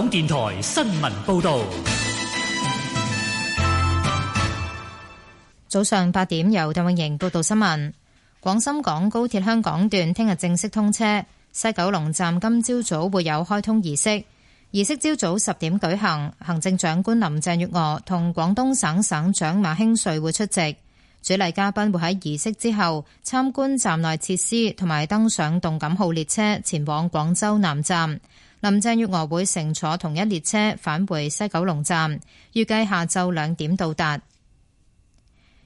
港電台新聞報道，早上八點由鄧穎瑩報道新聞。廣深港高鐵香港段聽日正式通車，西九龍站今朝早，早會有開通儀式，儀式朝早十點舉行。行政長官林鄭月娥同廣東省省長馬興瑞會出席，主禮嘉賓會喺儀式之後參觀站內設施，同埋登上動感號列車前往廣州南站。林鄭月娥會乘坐同一列車返回西九龍站，預計下晝兩點到達。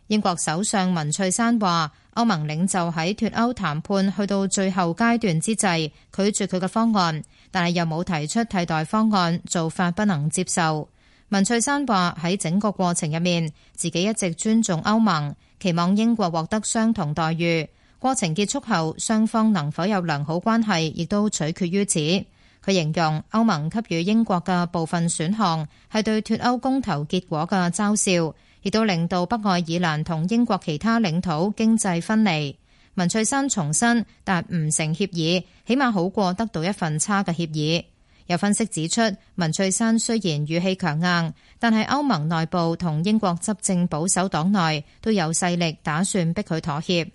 英國首相文翠珊話：歐盟領袖喺脱歐談判去到最後階段之際，拒絕佢嘅方案，但係又冇提出替代方案，做法不能接受。文翠珊話：喺整個過程入面，自己一直尊重歐盟，期望英國獲得相同待遇。過程結束後，雙方能否有良好關係，亦都取決於此。佢形容歐盟給予英國嘅部分選項係對脱歐公投結果嘅嘲笑，亦都令到北愛爾蘭同英國其他領土經濟分離。文翠珊重申，達唔成協議，起碼好過得到一份差嘅協議。有分析指出，文翠珊雖然語氣強硬，但係歐盟內部同英國執政保守黨內都有勢力打算逼佢妥協。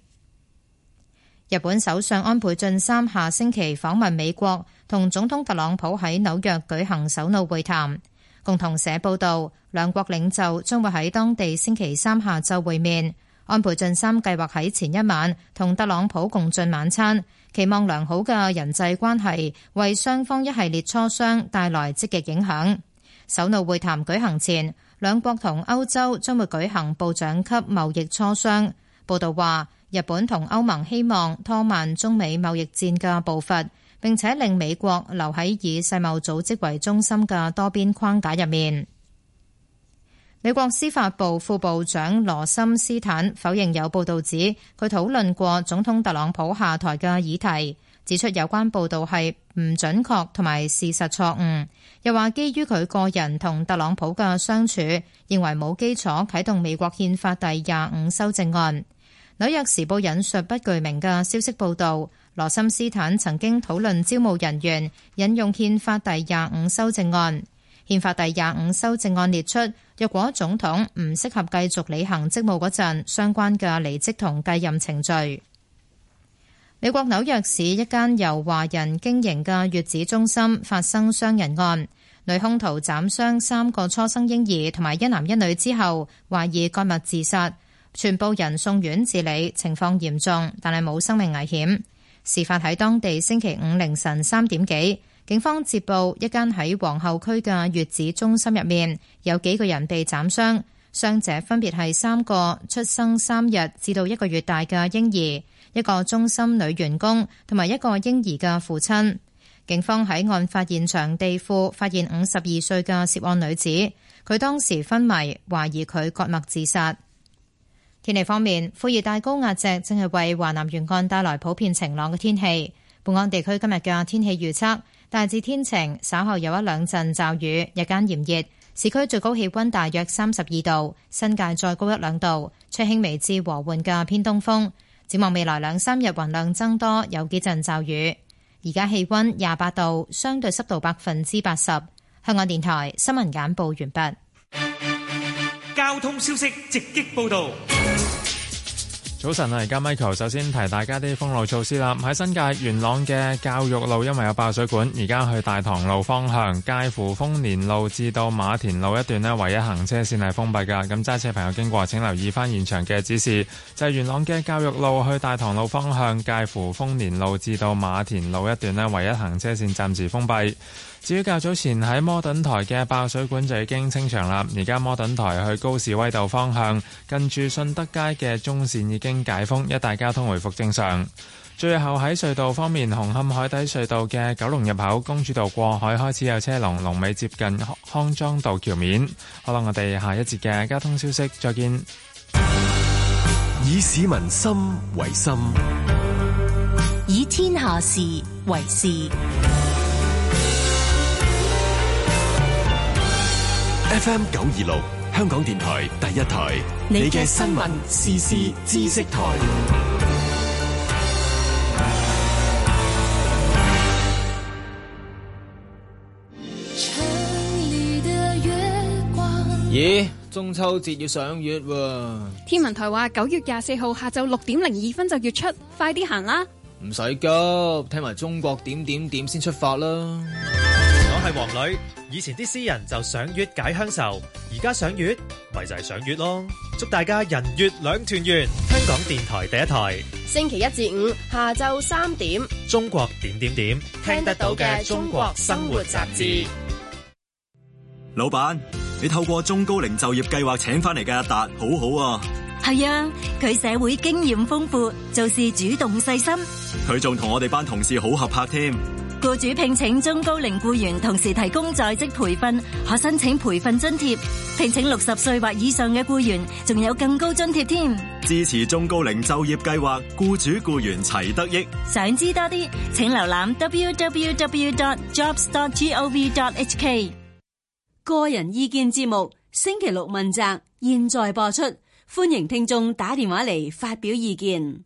日本首相安倍晉三下星期訪問美國。同總統特朗普喺紐約舉行首腦會談。共同社報道，兩國領袖將會喺當地星期三下晝會面。安倍晉三計劃喺前一晚同特朗普共進晚餐，期望良好嘅人際關係為雙方一系列磋商帶來積極影響。首腦會談舉行前，兩國同歐洲將會舉行部長級貿易磋商。報道話，日本同歐盟希望拖慢中美貿易戰嘅步伐。並且令美國留喺以世貿組織為中心嘅多邊框架入面。美國司法部副部長羅森斯坦否認有報道指佢討論過總統特朗普下台嘅議題，指出有關報道係唔準確同埋事實錯誤。又話基於佢個人同特朗普嘅相處，認為冇基礎啟動美國憲法第廿五修正案。紐約時報引述不具名嘅消息報道。羅森斯坦曾經討論招募人員，引用憲法第廿五修正案。憲法第廿五修正案列出，若果總統唔適合繼續履行職務嗰陣，相關嘅離職同繼任程序。美國紐約市一間由華人經營嘅月子中心發生傷人案，女凶徒斬傷三個初生嬰兒同埋一男一女之後，懷疑割脈自殺，全部人送院治理，情況嚴重，但係冇生命危險。事發喺當地星期五凌晨三點幾，警方接報一間喺皇后區嘅月子中心入面有幾個人被斬傷，傷者分別係三個出生三日至到一個月大嘅嬰兒、一個中心女員工同埋一個嬰兒嘅父親。警方喺案發現場地庫發現五十二歲嘅涉案女子，佢當時昏迷，懷疑佢割脈自殺。天氣方面，副熱帶高壓脊正係為華南沿岸帶來普遍晴朗嘅天氣。本港地區今日嘅天氣預測，大致天晴，稍後有一兩陣驟雨，日間炎熱，市區最高氣溫大約三十二度，新界再高一兩度，吹輕微至和緩嘅偏東風。展望未來兩三日，雲量增多，有幾陣驟雨。而家氣溫廿八度，相對濕度百分之八十。香港電台新聞簡報完畢。交通消息直擊報道。早晨啊，而家 Michael 首先提大家啲封路措施啦。喺新界元朗嘅教育路，因為有爆水管，而家去大棠路方向介乎豐年路至到馬田路一段咧，唯一行車線係封閉噶。咁揸車朋友經過，請留意返現場嘅指示。就係元朗嘅教育路去大棠路方向介乎豐年路至到馬田路一段咧，唯一行車線暫時封閉。至於較早前喺摩頓台嘅爆水管就已經清場啦，而家摩頓台去高士威道方向近住信德街嘅中線已經解封，一帶交通回復正常。最後喺隧道方面，紅磡海底隧道嘅九龍入口公主道過海開始有車龍，龍尾接近康莊道橋面。好啦，我哋下一節嘅交通消息，再見。以市民心為心，以天下事為事。FM 九二六，香港電台第一台，你嘅新聞、時事、知識台。城裏的月光。咦， 中秋節要賞月啊？天文台話九月廿四號下晝六點零二分就月出，快啲行啦！唔使急，聽埋中國點點點先出發啦。係王女，以前啲詩人就賞月解鄉愁，而家賞月咪就係賞月咯。祝大家人月兩團圓！香港電台第一台，星期一至五下晝三點，中國點點點聽得到嘅中國生活雜誌。老闆，你透過中高齡就業計劃請翻嚟嘅阿達，好好啊！係啊，佢社會經驗豐富，做事主動細心，佢仲同我哋班同事好合拍添。僱主聘請中高齡僱員，同時提供在職培訓，可申請培訓津貼。聘請六十歲或以上嘅僱員，仲有更高津貼添。支持中高齡就業計劃，僱主僱員齊得益。想知多啲，請瀏覽 www.jobs.gov.hk。個人意見節目，星期六問責，現在播出。歡迎聽眾打電話嚟發表意見。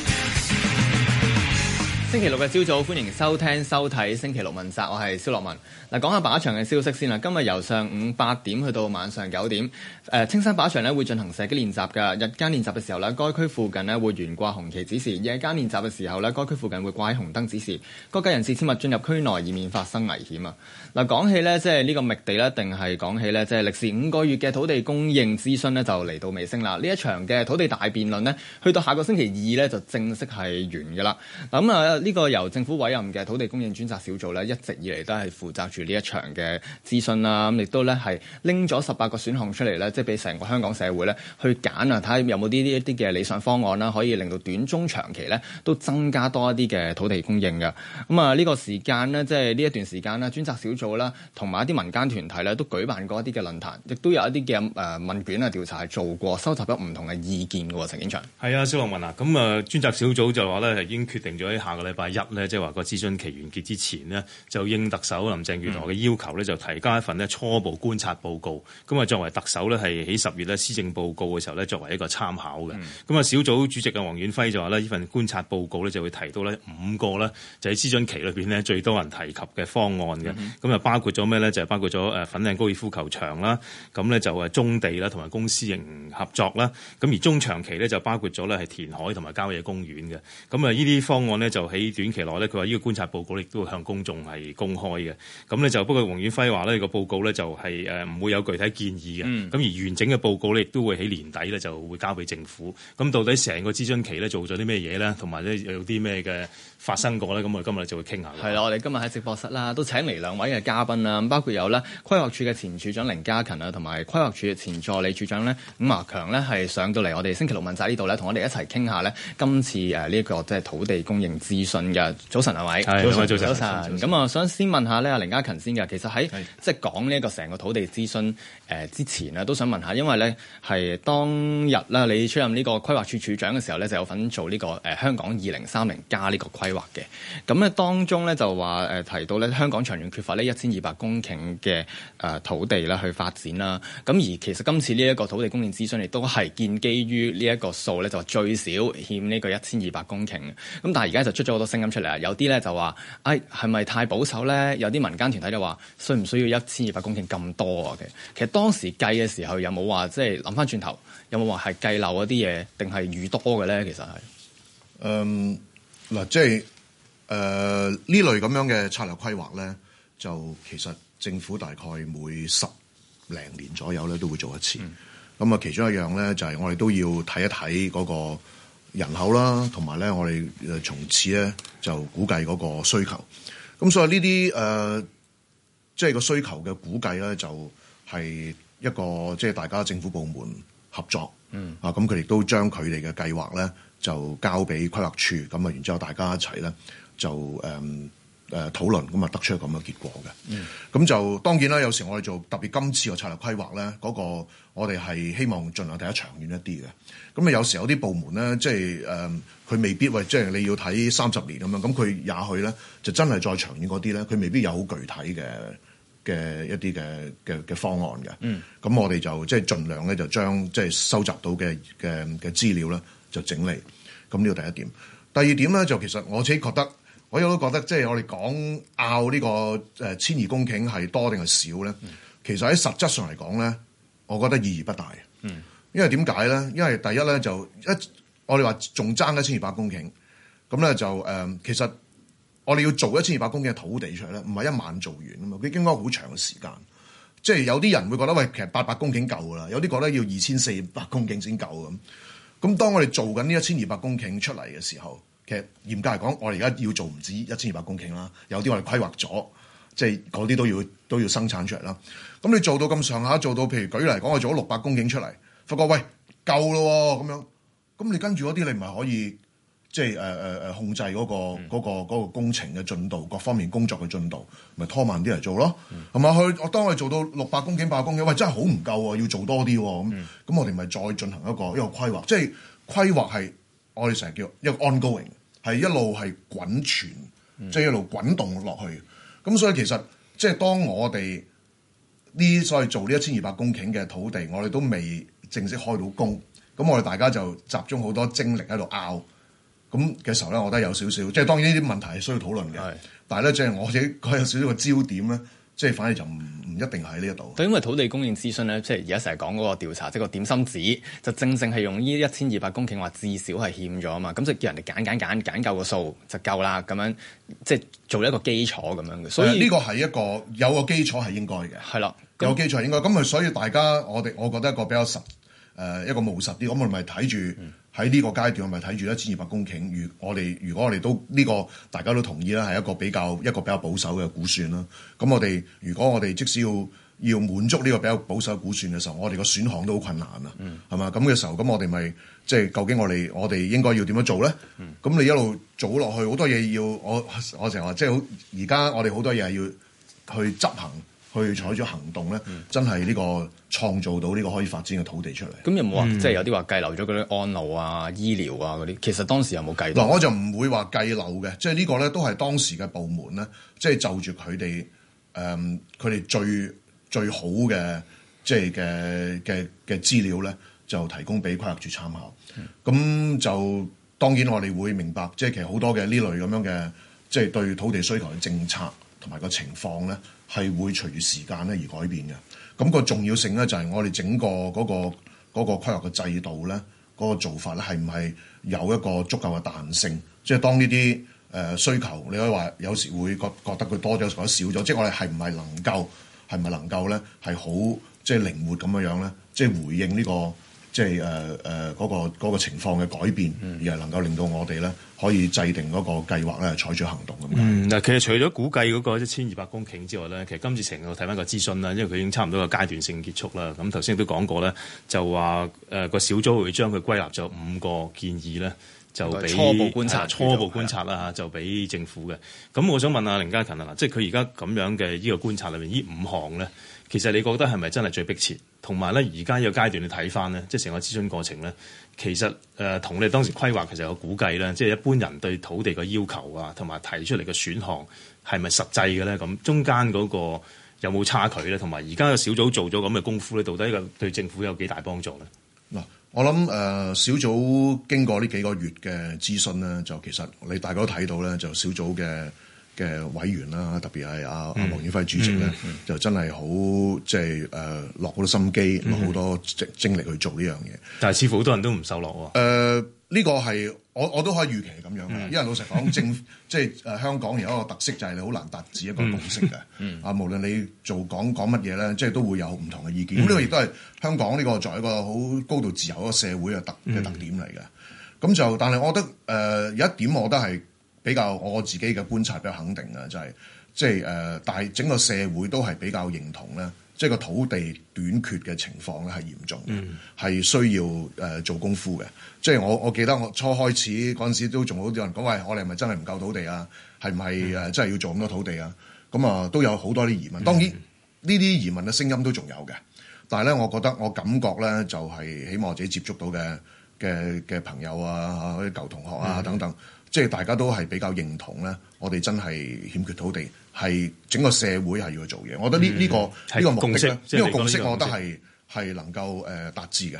星期六嘅朝早，歡迎收聽收睇星期六問責，我係蕭樂文。嗱，講下靶場嘅消息先啦。今日由上午八點去到晚上九點，誒、呃，青山靶場咧會進行射擊練習嘅。日間練習嘅時候咧，該區附近咧會懸掛紅旗指示，夜間練習嘅時候咧，該區附近會掛喺紅燈指示。各界人士切勿進入區內，以免發生危險啊！嗱，講起呢即係呢個覓地呢定係講起呢即係歷時五個月嘅土地供應諮詢呢就嚟到尾聲啦。呢一場嘅土地大辯論呢去到下個星期二呢就正式係完嘅啦。咁、嗯、啊～呢個由政府委任嘅土地供應專責小組咧，一直以嚟都係負責住呢一場嘅諮詢啦，咁亦都咧係拎咗十八個選項出嚟咧，即係俾成個香港社會咧去揀啊，睇下有冇啲呢一啲嘅理想方案啦，可以令到短中長期咧都增加多一啲嘅土地供應嘅。咁啊，呢個時間呢，即係呢一段時間咧，專責小組啦，同埋一啲民間團體咧，都舉辦過一啲嘅論壇，亦都有一啲嘅誒問卷啊調查做過，收集咗唔同嘅意見嘅喎，陳景祥。係啊，蕭立文啊，咁啊，專責小組就話咧係已經決定咗呢下嘅咧。禮拜一咧，即係話個諮詢期完結之前呢，就應特首林鄭月娥嘅要求咧，就提交一份咧初步觀察報告。咁、嗯、啊，作為特首咧，係喺十月咧施政報告嘅時候咧，作為一個參考嘅。咁、嗯、啊，小組主席啊黃遠輝就話咧，呢份觀察報告咧就會提到呢五個咧，就喺諮詢期裏邊呢，最多人提及嘅方案嘅。咁、嗯、啊，包括咗咩咧？就係包括咗誒粉嶺高爾夫球場啦，咁咧就誒中地啦，同埋公私營合作啦。咁而中長期咧就包括咗咧係填海同埋郊野公園嘅。咁啊，呢啲方案咧就喺喺短期內，咧，佢話呢個觀察報告亦都會向公眾係公開嘅。咁咧就不過黃遠輝話咧，個報告咧就係誒唔會有具體建議嘅。咁、嗯、而完整嘅報告咧，亦都會喺年底咧就會交俾政府。咁到底成個諮詢期咧做咗啲咩嘢咧？同埋咧有啲咩嘅？發生過咧，咁我哋今日就會傾下。係啦，我哋今日喺直播室啦，都請嚟兩位嘅嘉賓啦，包括有咧規劃署嘅前署長凌嘉勤啊，同埋規劃署嘅前助理署長咧伍華強咧，係上到嚟我哋星期六問責呢度咧，同我哋一齊傾下咧今次誒呢個即係土地供應諮詢嘅。早晨係咪？早晨，早晨。早晨。咁啊，想先問下咧，凌嘉勤先嘅，其實喺即係講呢一個成個土地諮詢誒之前咧，都想問下，因為咧係當日啦，你出任呢個規劃署署長嘅時候咧，就有份做呢個誒香港二零三零加呢個規劃。規劃嘅，咁咧當中咧就話誒提到咧香港長遠缺乏呢一千二百公頃嘅誒土地啦，去發展啦。咁而其實今次呢一個土地供應諮詢亦都係建基於呢一個數咧，就最少欠呢個一千二百公頃。咁但係而家就出咗好多聲音出嚟啊，有啲咧就話誒係咪太保守咧？有啲民間團體就話需唔需要一千二百公頃咁多啊？嘅其實當時計嘅時候有冇話即係諗翻轉頭有冇話係計漏一啲嘢定係雨多嘅咧？其實係嗯。嗱，即係誒呢類咁樣嘅策略規劃咧，就其實政府大概每十零年左右咧都會做一次。咁、嗯、啊，其中一樣咧就係、是、我哋都要睇一睇嗰個人口啦，同埋咧我哋誒從此咧就估計嗰個需求。咁所以呢啲誒，即係個需求嘅估計咧，就係、是、一個即係、就是、大家政府部門合作。嗯啊，咁佢哋都將佢哋嘅計劃咧。就交俾規劃處，咁啊，然之後大家一齊咧就誒誒、嗯、討論，咁啊得出咁嘅結果嘅。咁、嗯、就當然啦，有時我哋做特別今次嘅策略規劃咧，嗰個我哋係希望儘量睇得長遠一啲嘅。咁啊，有時有啲部門咧，即係誒佢未必為即係你要睇三十年咁樣，咁佢也許咧就真係再長遠嗰啲咧，佢未必有好具體嘅嘅一啲嘅嘅嘅方案嘅。咁、嗯、我哋就即係儘量咧就將即係收集到嘅嘅嘅資料啦。就整理，咁呢個第一點。第二點咧就其實我自己覺得，我亦都覺得即係我哋講拗呢個千二公頃係多定係少咧。嗯、其實喺實質上嚟講咧，我覺得意義不大。嗯，因為點解咧？因為第一咧就一我哋話仲爭一千二百公頃，咁咧就、嗯、其實我哋要做一千二百公頃嘅土地出嚟咧，唔係一晚做完噶嘛，佢應該好長嘅時間。即係有啲人會覺得喂，其實八百公頃夠啦，有啲覺得要二千四百公頃先夠咁。咁當我哋做緊呢一千二百公頃出嚟嘅時候，其實嚴格嚟講，我哋而家要做唔止一千二百公頃啦，有啲我哋規劃咗，即係嗰啲都要都要生產出嚟啦。咁你做到咁上下，做到譬如舉例講，我做咗六百公頃出嚟，發覺喂夠咯咁樣，咁你跟住嗰啲你唔係可以？即係誒、呃呃、控制嗰、那個嗰嗰、嗯那個那個、工程嘅進度，各方面工作嘅進度，咪拖慢啲嚟做咯。同、嗯、去我哋做到六百公頃、八百公頃，喂真係好唔夠喎，要做多啲喎。咁、嗯、咁我哋咪再進行一個一個規劃，即係規劃係我哋成日叫一個 ongoing，係一路係滾存，即、嗯、係、就是、一路滾動落去。咁所以其實即係當我哋呢所謂做呢一千二百公頃嘅土地，我哋都未正式開到工，咁我哋大家就集中好多精力喺度拗。咁嘅時候咧，我覺得有少少，即係當然呢啲問題係需要討論嘅。但係咧，即係我哋佢有少少個焦點咧，即係反而就唔唔一定喺呢一度。對，因為土地供應諮詢咧，即係而家成日講嗰個調查，即係個點心紙，就正正係用呢一千二百公頃話至少係欠咗啊嘛。咁就叫人哋揀揀揀揀夠個數就夠啦，咁樣即係做一個基礎咁樣嘅。所以呢個係一個有一個基礎係應該嘅。係啦，有基礎係應該，咁所以大家我哋我覺得一個比較實誒、呃、一個務實啲，咁我哋咪睇住。嗯喺呢個階段，咪睇住一千二百公頃。如我哋如果我哋都呢、這個大家都同意啦，係一個比較一個比較保守嘅估算啦。咁我哋如果我哋即使要要滿足呢個比較保守嘅估算嘅時候，我哋個選項都好困難啊。係、嗯、嘛？咁嘅時候，咁我哋咪即係究竟我哋我哋應該要點樣做咧？咁、嗯、你一路做落去，好多嘢要我我成日話即係而家我哋好多嘢係要去執行。去採取行動咧、嗯，真係呢、呢個創造到呢個可以發展嘅土地出嚟。咁有冇話、嗯，即係有啲話計漏咗嗰啲安老啊、醫療啊嗰啲，其實當時有冇計？嗱，我就唔會話計漏嘅，即、就、係、是、呢個咧都係當時嘅部門咧，即係就住佢哋誒佢哋最最好嘅即係嘅嘅嘅資料咧，就提供俾規劃署參考。咁、嗯、就當然我哋會明白，即、就、係、是、其實好多嘅呢類咁樣嘅，即、就、係、是、對土地需求嘅政策同埋個情況咧，係會隨住時間咧而改變嘅，咁、那個重要性咧就係、是、我哋整個嗰、那個嗰、那個規劃嘅制度咧，嗰、那個做法咧係唔係有一個足夠嘅彈性？即、就、係、是、當呢啲誒需求，你可以話有時會覺得佢時會覺得佢多咗或者少咗，即、就、係、是、我哋係唔係能夠係咪能夠咧係好即係靈活咁樣樣咧，即、就、係、是、回應呢、這個。即係誒誒嗰個情況嘅改變，而係能夠令到我哋咧可以制定嗰個計劃咧採取行動咁樣。嗯，嗱，其實除咗估計嗰個一千二百公頃之外咧，其實今次成個睇翻個諮詢啦，因為佢已經差唔多個階段性結束啦。咁頭先都講過咧，就話誒個小組會將佢歸納咗五個建議咧，就俾初步觀察，初步觀察啦嚇，就俾政府嘅。咁我想問下凌嘉勤啊，嗱，即係佢而家咁樣嘅依、這個觀察裏面呢五項咧，其實你覺得係咪真係最迫切？同埋咧，而家呢個階段你睇翻咧，即係成個諮詢過程咧，其實誒同你當時規劃其實有估計啦，即係一般人對土地嘅要求啊，同埋提出嚟嘅選項係咪實際嘅咧？咁中間嗰個有冇差距咧？同埋而家個小組做咗咁嘅功夫咧，到底個對政府有幾大幫助咧？嗱，我諗誒小組經過呢幾個月嘅諮詢咧，就其實你大家都睇到咧，就小組嘅。嘅委員啦，特別係阿阿黃遠輝主席咧、嗯嗯，就真係好即係誒落好多心機，好多精精力去做呢樣嘢。但係似乎好多人都唔受落喎。呢、呃這個係我我都可以預期係咁樣嘅，因為老實講，政即係誒香港有一個特色就係你好難達至一個共識嘅。啊、嗯嗯，無論你做講講乜嘢咧，即、就、係、是、都會有唔同嘅意見。咁、嗯、呢、這個亦都係香港呢個作為一個好高度自由一個社會嘅特嘅、嗯、特點嚟嘅。咁就，但係我覺得誒、呃、有一點，我覺得係。比較我自己嘅觀察比較肯定啊，就係即係誒，但、就是呃、整個社會都係比較認同咧，即係個土地短缺嘅情況咧係嚴重的，係、mm -hmm. 需要、呃、做功夫嘅。即、就、係、是、我我記得我初開始嗰陣時都仲好多人講喂，我哋係咪真係唔夠土地啊？係唔係誒真係要做咁多土地啊？咁啊、呃、都有好多啲疑問。當然呢啲、mm -hmm. 疑問嘅聲音都仲有嘅，但係咧，我覺得我感覺咧就係希望我自己接觸到嘅嘅嘅朋友啊，啲舊同學啊、mm -hmm. 等等。即係大家都係比較認同咧，我哋真係欠缺土地，係整個社會係要去做嘢。我覺得呢呢、嗯呢個呢、呢個目的呢、呢個、個共識，我覺得係係能夠誒達致嘅。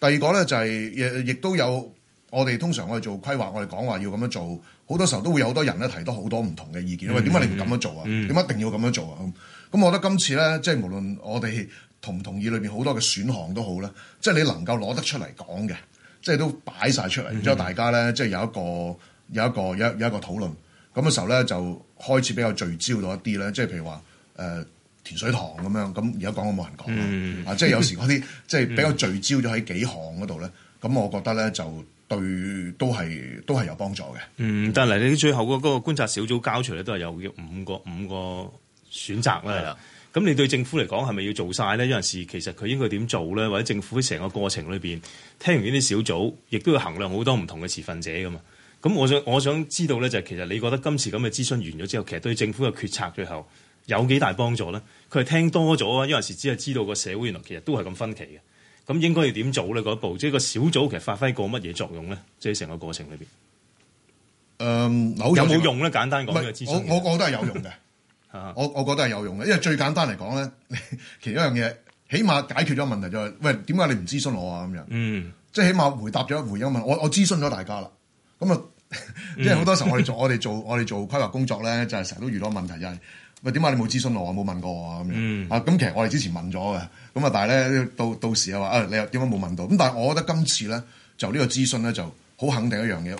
第二個咧就係、是、亦都有我哋通常我哋做規劃，我哋講話要咁樣做，好多時候都會有好多人咧提到好多唔同嘅意見。因、嗯、為點解你會咁樣做啊？點、嗯、解一定要咁樣做啊？咁、嗯，咁我覺得今次咧，即係無論我哋同唔同意裏面好多嘅選項都好啦，即係你能夠攞得出嚟講嘅，即係都擺晒出嚟，然之後大家咧即係有一個。有一個，有一個有一個討論咁嘅時候咧，就開始比較聚焦到一啲咧，即係譬如話誒填水塘咁樣。咁而家講，我冇人講啊，即係有時嗰啲、嗯、即係比較聚焦咗喺幾項嗰度咧。咁我覺得咧，就對都係都係有幫助嘅。嗯，但係你最後個嗰個觀察小組交出咧，都係有五個五個選擇啦。係啦。咁你對政府嚟講係咪要做晒咧？有陣時其實佢應該點做咧？或者政府喺成個過程裏邊聽完呢啲小組，亦都要衡量好多唔同嘅持份者噶嘛？咁我想我想知道咧，就係、其實你覺得今次咁嘅諮詢完咗之後，其實對政府嘅決策最後有幾大幫助咧？佢係聽多咗啊，因為有時只係知道個社會原來其實都係咁分歧嘅。咁應該要點做咧嗰一步？即、就、係、是、個小組其實發揮過乜嘢作用咧？即係成個過程裏面，嗯、有冇用咧？簡單講我我，我， 我，我覺得係有用嘅。我我覺得係有用嘅，因為最簡單嚟講咧，其中一樣嘢，起碼解決咗問題就係、係：喂，點解你唔諮詢我啊？咁樣，嗯，即係起碼回答咗回應問我，我諮詢咗大家啦，咁啊。即係好多時候我哋做我哋做我哋做規劃工作咧，就係成日都遇到問題，就係喂點解你冇諮詢我啊，冇問過我咁樣啊？咁、mm. 啊、其實我哋之前問咗嘅，咁啊，但係咧到到時又話啊，你又點解冇問到？咁但係我覺得今次咧就個諮詢呢個諮詢咧就好肯定一樣嘢，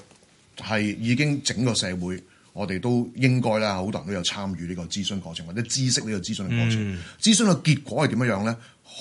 係已經整個社會我哋都應該啦，好多人都有參與呢個諮詢過程或者知識呢個諮詢嘅過程。諮詢嘅結果係點樣樣咧？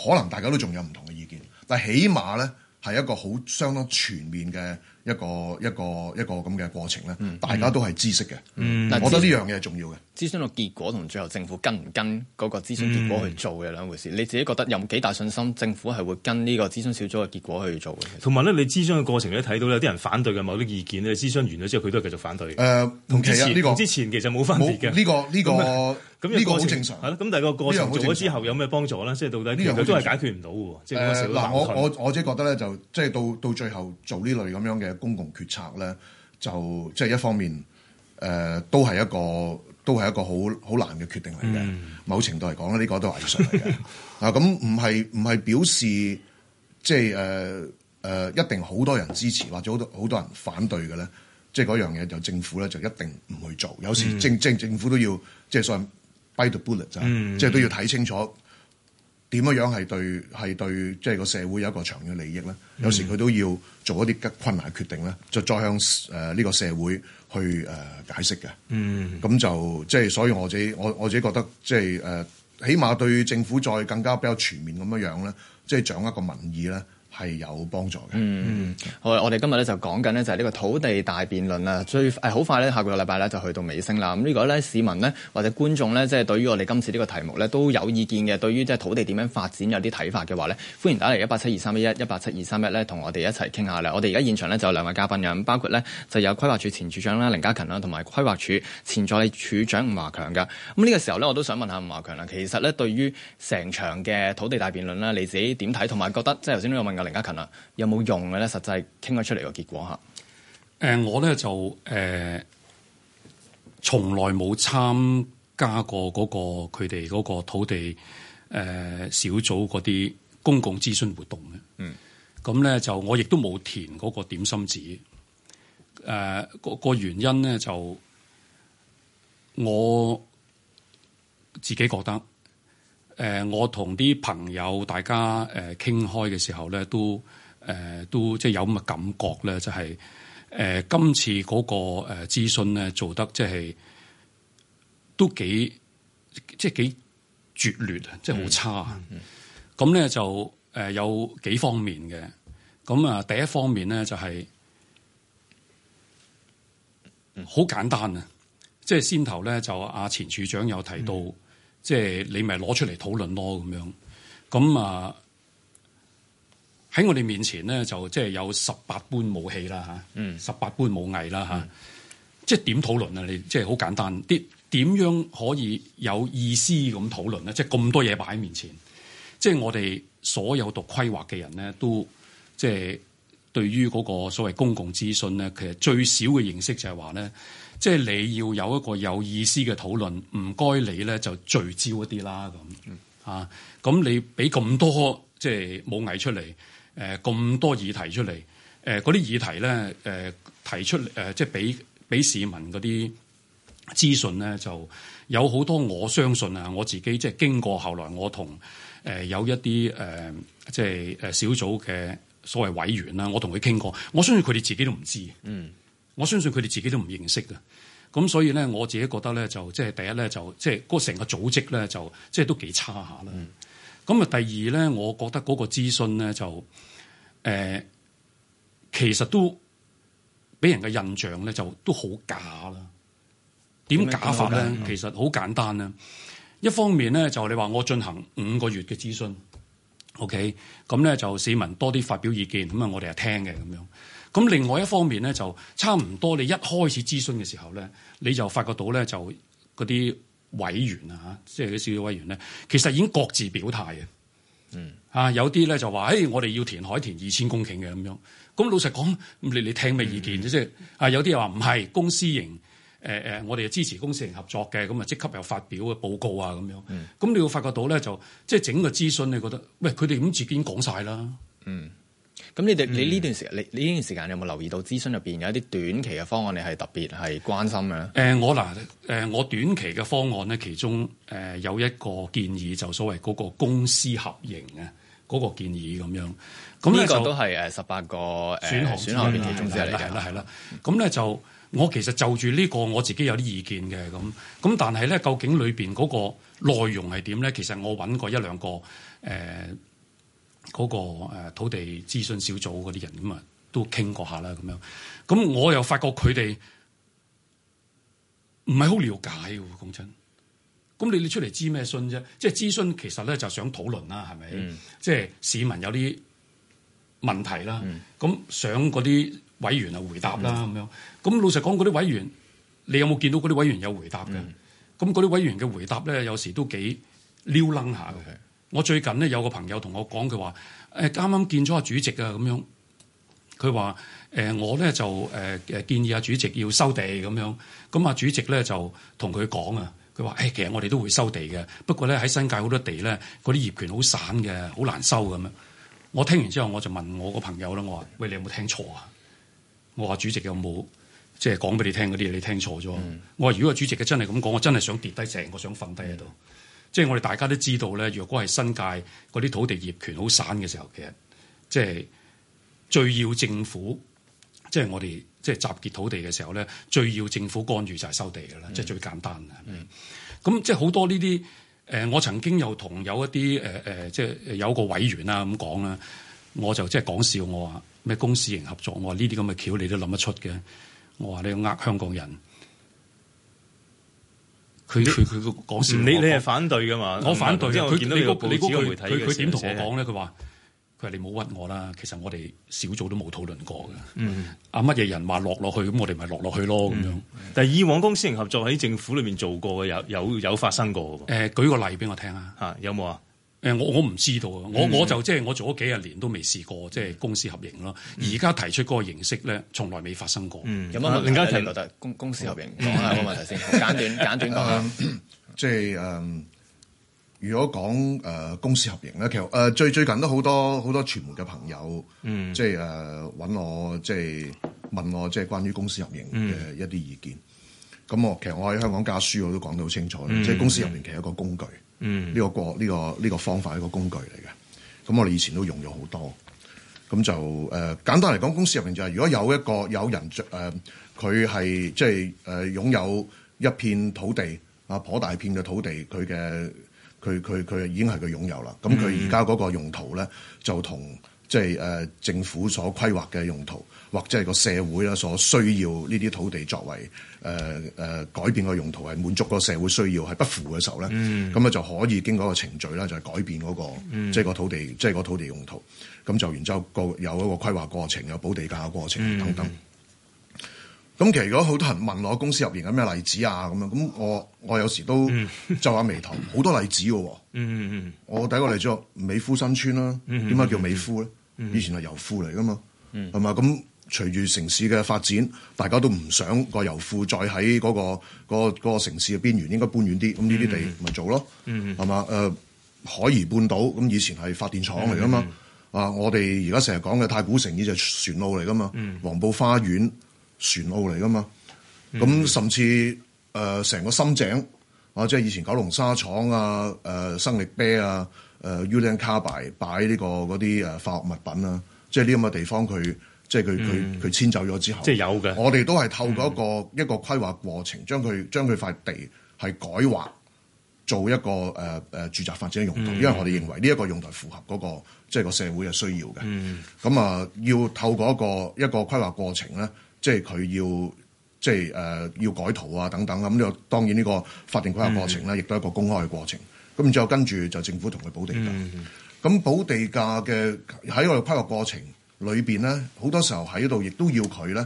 可能大家都仲有唔同嘅意見，但係起碼咧。係一個好相當全面嘅一個一個一個咁嘅過程咧，嗯、大家都係知識嘅，但係、嗯、我覺得呢樣嘢係重要嘅。諮詢嘅結果同最後政府跟唔跟嗰個諮詢結果去做嘅、嗯、兩回事，你自己覺得有冇幾大信心政府係會跟呢個諮詢小組嘅結果去做嘅？同埋咧，你諮詢嘅過程你都睇到有啲人反對嘅某啲意見咧，你諮詢完咗之後佢都係繼續反對。誒、呃，同之前、呢個、同之前其實冇分別嘅。呢個呢個。呢個呢個呢個 呢、那個好、這個、正常，係咯。咁但係個過程做咗之後有咩幫助咧？即、這、係、個、到底呢樣都係解決唔到即誒，嗱、呃，我我我即係覺得咧，就即係、就是、到到最後做呢類咁樣嘅公共決策咧，就即係、就是、一方面誒、呃，都係一個都係一個好好難嘅決定嚟嘅、嗯。某程度嚟講呢、這個都係藝術嚟嘅。 啊，咁唔係唔係表示即係誒誒，一定好多人支持或者好多好多人反對嘅咧。即係嗰樣嘢就政府咧就一定唔去做。有時政政政府都要即係所謂。就是所 Bite the bullet 就、嗯，即係都要睇清楚點樣樣係對係對，即係個社會有一個長遠利益咧、嗯。有時佢都要做一啲嘅困難決定咧，就再向誒呢個社會去誒解釋嘅。嗯，咁就即係所以我自己我我自己覺得即係誒，起碼對政府再更加比較全面咁樣樣咧，即係掌握個民意咧。係有幫助嘅。嗯，嗯好，我我哋今日咧就講緊呢，就係呢個土地大辯論啦，最誒好快咧、哎、下個禮拜咧就去到尾聲啦。咁如果咧市民呢或者觀眾呢，即、就、係、是、對於我哋今次呢個題目呢，都有意見嘅，對於即係土地點樣發展有啲睇法嘅話呢，歡迎打嚟一八七二三一一一八七二三一咧，同我哋一齊傾下咧。我哋而家現場呢，就有兩位嘉賓嘅，包括呢，就有規劃署前署長啦凌嘉勤啦，同埋規劃署前助理署長伍華強噶。咁、嗯、呢、這個時候呢，我都想問下伍華強啦，其實呢，對於成場嘅土地大辯論啦，你自己點睇？同埋覺得即係頭先呢個有問題。凌嘉勤啊，呃、有冇用嘅咧？實際傾咗出嚟個結果吓。誒，我咧就誒從來冇參加過、嗰個佢哋個土地誒、呃、小組啲公共諮詢活動嘅。嗯，咁咧就我亦都冇填個點心紙誒、呃、個個原因咧就我自己覺得。誒、呃，我同啲朋友大家誒傾開嘅時候咧，都誒、呃、都即係有咁嘅感覺咧，就係、是、誒、呃、今次嗰個誒諮詢咧做得即、就、係、是、都幾即係幾拙劣啊！即係好差啊！咁、mm、咧 -hmm. 就誒有幾方面嘅，咁啊第一方面咧就係、是、好簡單啊！即係先頭咧就阿前處長有提到。Mm -hmm. 即係你咪攞出嚟討論咯咁樣，咁啊喺我哋面前咧就即係有十八般武器啦，吓，十八般武藝啦，吓，即係點討論啊？你即係好簡單啲，點樣可以有意思咁討論咧？即係咁多嘢擺喺面前，即係我哋所有讀規劃嘅人咧，都即係對於嗰個所謂公共諮詢咧，其實最少嘅認識就係話咧。即係你要有一個有意思嘅討論，唔該你咧就聚焦一啲啦咁。啊，咁你俾咁多即係冇藝出嚟，咁、呃、多議題出嚟，嗰、呃、啲議題咧、呃，提出誒、呃、即係俾俾市民嗰啲資訊咧，就有好多我相信啊，我自己即係經過後來我同誒有一啲誒即係小組嘅所謂委員啦，我同佢傾過，我相信佢哋自己都唔知。嗯。我相信佢哋自己都唔認識嘅，咁所以咧，我自己覺得咧，就即係第一咧，就即係嗰成個組織咧，就即係都幾差下啦。咁、嗯、啊，第二咧，我覺得嗰個諮詢咧，就誒、呃、其實都俾人嘅印象咧，就都好假啦。點假法咧？其實好簡單啦、嗯。一方面咧，就你話我進行五個月嘅諮詢，OK，咁咧就市民多啲發表意見，咁啊，我哋係聽嘅咁樣。咁另外一方面咧，就差唔多你一開始諮詢嘅時候咧，你就發覺到咧就嗰啲委員啊，即係啲少議委員咧，其實已經各自表態嘅。嗯。啊，有啲咧就話，誒，我哋要填海填二千公頃嘅咁樣。咁老實講，你你聽未意見即係啊，有啲又話唔係公私營、呃、我哋支持公私營合作嘅，咁啊即刻又發表嘅報告啊咁樣咁、嗯、你要發覺到咧，就即係整個諮詢，你覺得喂，佢哋咁自己已經講晒啦。嗯。咁你哋你呢段時間、嗯、你呢段時間有冇留意到諮詢入面有一啲短期嘅方案？你係特別係關心嘅咧、呃？我嗱誒我短期嘅方案咧，其中誒、呃、有一個建議就所謂嗰個公私合營嘅嗰、那個建議咁樣。咁呢、這個都係誒十八個、呃、選項選項入面其中之一嚟嘅，係啦係啦。咁咧、嗯、就我其實就住呢、這個我自己有啲意見嘅咁。咁但係咧究竟裏面嗰個內容係點咧？其實我揾過一兩個誒。呃嗰、那個土地諮詢小組嗰啲人咁啊，都傾過下啦，咁樣咁我又發覺佢哋唔係好了解喎，講真。咁你你出嚟諮咩詢啫？即係諮詢其實咧就想討論啦，係咪？即、嗯、係、就是、市民有啲問題啦，咁、嗯、想嗰啲委員啊回答啦，咁、嗯、樣。咁老實講，嗰啲委員，你有冇見到嗰啲委員有回答嘅？咁嗰啲委員嘅回答咧，有時都幾撩楞下嘅。我最近咧有個朋友同我講，佢話誒啱啱見咗阿主席啊，咁樣佢話誒我咧就誒誒、呃、建議阿主席要收地咁樣，咁阿主席咧就同佢講啊，佢話誒其實我哋都會收地嘅，不過咧喺新界好多地咧嗰啲業權好散嘅，好難收咁樣。我聽完之後，我就問我個朋友啦，我話喂你有冇聽錯啊？我話主席有冇即係講俾你聽嗰啲嘢你聽錯咗？嗯、我話如果阿主席嘅真係咁講，我真係想跌低成我想瞓低喺度。嗯即係我哋大家都知道咧，若果係新界嗰啲土地業權好散嘅時候，其實即係最要政府，即、就、係、是、我哋即係集結土地嘅時候咧，最要政府干預就係收地嘅啦，即、嗯、係最簡單嘅。咁、嗯、即係好多呢啲誒，我曾經有同有一啲誒、呃、即係有個委員啦咁講啦，我就即係講笑，我話咩公私營合作，我話呢啲咁嘅橋你都諗得出嘅，我話你要呃香港人。佢佢佢講你你係反對噶嘛？我反對。之後佢見到他你嗰個媒體佢點同我講咧？佢話是：佢話你冇屈我啦。其實我哋小組都冇討論過嘅。嗯，啊乜嘢人話落落去咁，我哋咪落落去咯咁、嗯、樣。但係以往公私營合作喺政府裏面做過，有有有，有發生過嘅。誒、呃，舉個例俾我聽啊！啊，有冇啊？我我唔知道啊！我、嗯、我就即係我做咗幾廿年都未試過即係、就是、公司合營咯。而、嗯、家提出嗰個形式咧，從來未發生過。嗯，有乜問題？凌嘉勤覺得公公司合營講、嗯、下個問題先， 簡短簡短講下。即係誒，如果講、呃、公司合營咧，其實最、呃、最近都好多好多傳媒嘅朋友，即係誒揾我，即、就、係、是、問我，即係關於公司合營嘅一啲意見。咁、嗯、我其實我喺香港家書，我都講得好清楚。即、嗯、係、就是、公司合營其實一個工具。嗯，呢個國呢、這個呢、這個、方法係一個工具嚟嘅，咁我哋以前都用咗好多，咁就誒、呃、簡單嚟講，公司入邊就係、是、如果有一個有人誒，佢係即係誒擁有一片土地啊，頗大片嘅土地，佢嘅佢佢佢已經係佢擁有啦，咁佢而家嗰個用途咧、嗯、就同。即係誒、呃、政府所規劃嘅用途，或者係個社會啦所需要呢啲土地作為誒誒、呃呃、改變個用途，係滿足個社會需要係不符嘅時候咧，咁、嗯、啊就可以經過個程序啦，就係、是、改變嗰、那個即係、嗯就是、個土地，即、就、係、是、個土地用途。咁就完之後，有一個規劃過程，有補地價嘅過程等等。咁、嗯嗯、其實如果好多人問我公司入面有咩例子啊咁樣，咁我我有時都皺下眉頭，好、嗯、多例子嘅喎、嗯嗯嗯。我第一個例子就美孚新村啦，點解叫美孚咧？以前係油庫嚟噶嘛，係、嗯、嘛？咁隨住城市嘅發展，大家都唔想個油庫再喺嗰、嗰個嗰、嗰個嗰個、城市嘅邊緣，應該搬遠啲。咁呢啲地咪做咯，係、嗯、嘛？誒、嗯呃，海怡半島咁以前係發電廠嚟噶嘛、嗯嗯？啊，我哋而家成日講嘅太古城呢就係船澳嚟噶嘛、嗯？黃埔花園船澳嚟噶嘛？咁、嗯、甚至誒成、呃、個深井啊，即係以前九龍沙廠啊、誒、呃、生力啤啊。誒 U 型 b y 擺呢，這個嗰啲化學物品啦，即係呢咁嘅地方，佢即係佢佢佢遷走咗之後，即、就、係、是、有嘅。我哋都係透過一個一個規劃過程，嗯、將佢將佢塊地係改劃，做一個誒誒、呃、住宅發展嘅用途，因為我哋認為呢一個用途符合嗰、那個即係、就是、個社會嘅需要嘅。咁、嗯、啊，要透過一個一個規劃過程咧，即係佢要即係誒、呃、要改圖啊等等。咁呢個當然呢個法定規劃過程咧，亦都係一個公開嘅過程。嗯咁之後跟住就政府同佢補地價。咁、嗯、補地價嘅喺我哋規劃嘅過程裏面咧，好多時候喺度亦都要佢咧。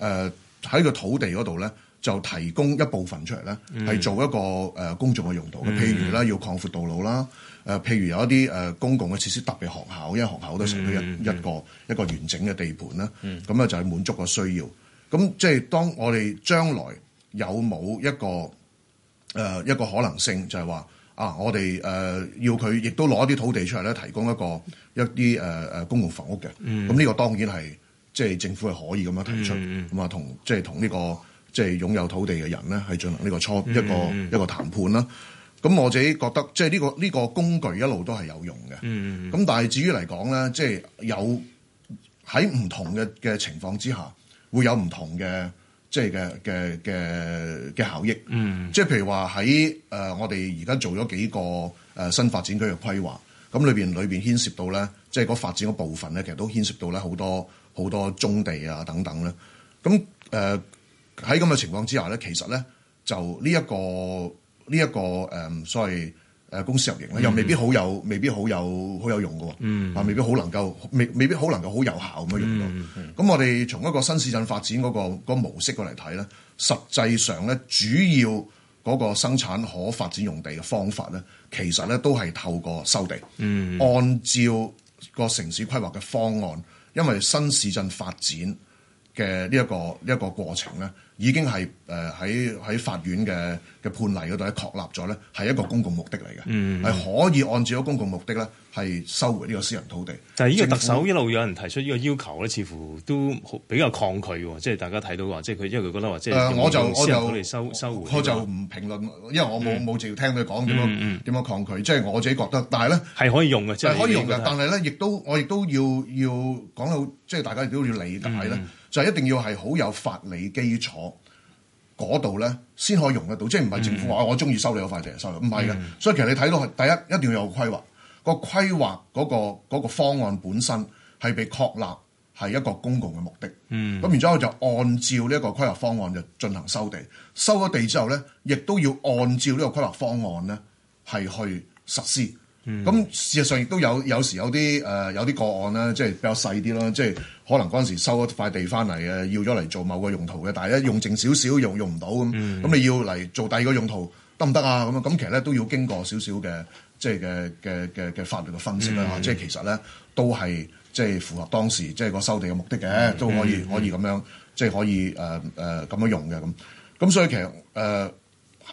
喺、呃、個土地嗰度咧，就提供一部分出嚟咧，係、嗯、做一個、呃、公眾嘅用途、嗯、譬如啦要擴闊道路啦、呃。譬如有一啲、呃、公共嘅設施，特別學校，因為學校都成於一一個、嗯、一，個一個完整嘅地盤啦。咁、嗯、啊，就係滿足個需要。咁即係當我哋將來有冇一個、呃、一個可能性，就係、是、話。啊！我哋誒、呃、要佢亦都攞一啲土地出嚟咧，提供一個一啲誒誒公共房屋嘅。咁、嗯、呢、呢個當然係，即、就、係、是、政府係可以咁樣提出，咁、嗯、啊同即係、就是、同呢、呢個即係、就是、擁有土地嘅人咧，係進行呢個初、嗯、一個一個談判啦。咁我自己覺得即係呢個呢、呢個工具一路都係有用嘅。咁、嗯、但係至於嚟講咧，即、就、係、是、有喺唔同嘅嘅情況之下，會有唔同嘅。即係嘅嘅嘅嘅效益，嗯，即係譬如話喺誒我哋而家做咗幾個誒、呃、新發展區嘅規劃，咁裏邊裏邊牽涉到咧，即係個發展嘅部分咧，其實都牽涉到咧好多好多棕地啊等等咧，咁誒喺咁嘅情況之下咧，其實咧就呢、這、一個呢一、這個誒、呃、所謂。誒公司入營咧，又未必好有，mm -hmm. 未必好有，未必好有好有用嘅喎，啊、mm -hmm.，未必好能夠，未未必好能夠好有效咁樣用咁、mm -hmm. 我哋從一個新市鎮發展嗰、嗰個嗰個模式過嚟睇咧，實際上咧主要嗰個生產可發展用地嘅方法咧，其實咧都係透過收地，mm -hmm. 按照個城市規劃嘅方案，因為新市鎮發展嘅呢一個呢一個過程咧，已經係誒喺喺法院嘅嘅判例嗰度咧確立咗咧，係一個公共目的嚟嘅，係、嗯、可以按照個公共目的咧，係收回呢個私人土地。但係呢個特首一路有人提出呢個要求咧，似乎都比較抗拒喎。即係大家睇到話，即係佢因為佢覺得話，即係政府先可以收收回。我就唔評論，因為我冇冇直接聽佢講咁樣點、嗯、樣抗拒。即、就、係、是、我自己覺得，但係咧係可以用嘅，即係可以用嘅。但係咧，亦都我亦都要要講到，即係大家亦都要理解呢、嗯，就係、是、一定要係好有法理基礎。嗰度咧先可以用得到，即係唔係政府話我中意收你嗰塊地、mm. 收你，唔係嘅。Mm. 所以其實你睇到，第一一定要有個規劃，個規劃嗰個嗰個方案本身係被確立係一個公共嘅目的。咁、mm. 然之後就按照呢一個規劃方案就進行收地，收咗地之後咧，亦都要按照呢個規劃方案咧係去實施。咁、嗯、事實上亦都有有時有啲誒、呃、有啲個案啦，即係比較細啲啦，即係可能嗰陣時收一塊地翻嚟啊，要咗嚟做某個用途嘅，但係用剩少少，用用唔到咁，咁、嗯、你要嚟做第二個用途得唔得啊？咁咁其實咧都要經過少少嘅即係嘅嘅嘅嘅法律嘅分析啦、嗯啊，即係其實咧都係即係符合當時即係個收地嘅目的嘅、嗯，都可以、嗯、可以咁樣即係可以誒咁、呃呃、樣用嘅咁。咁所以其實誒、呃、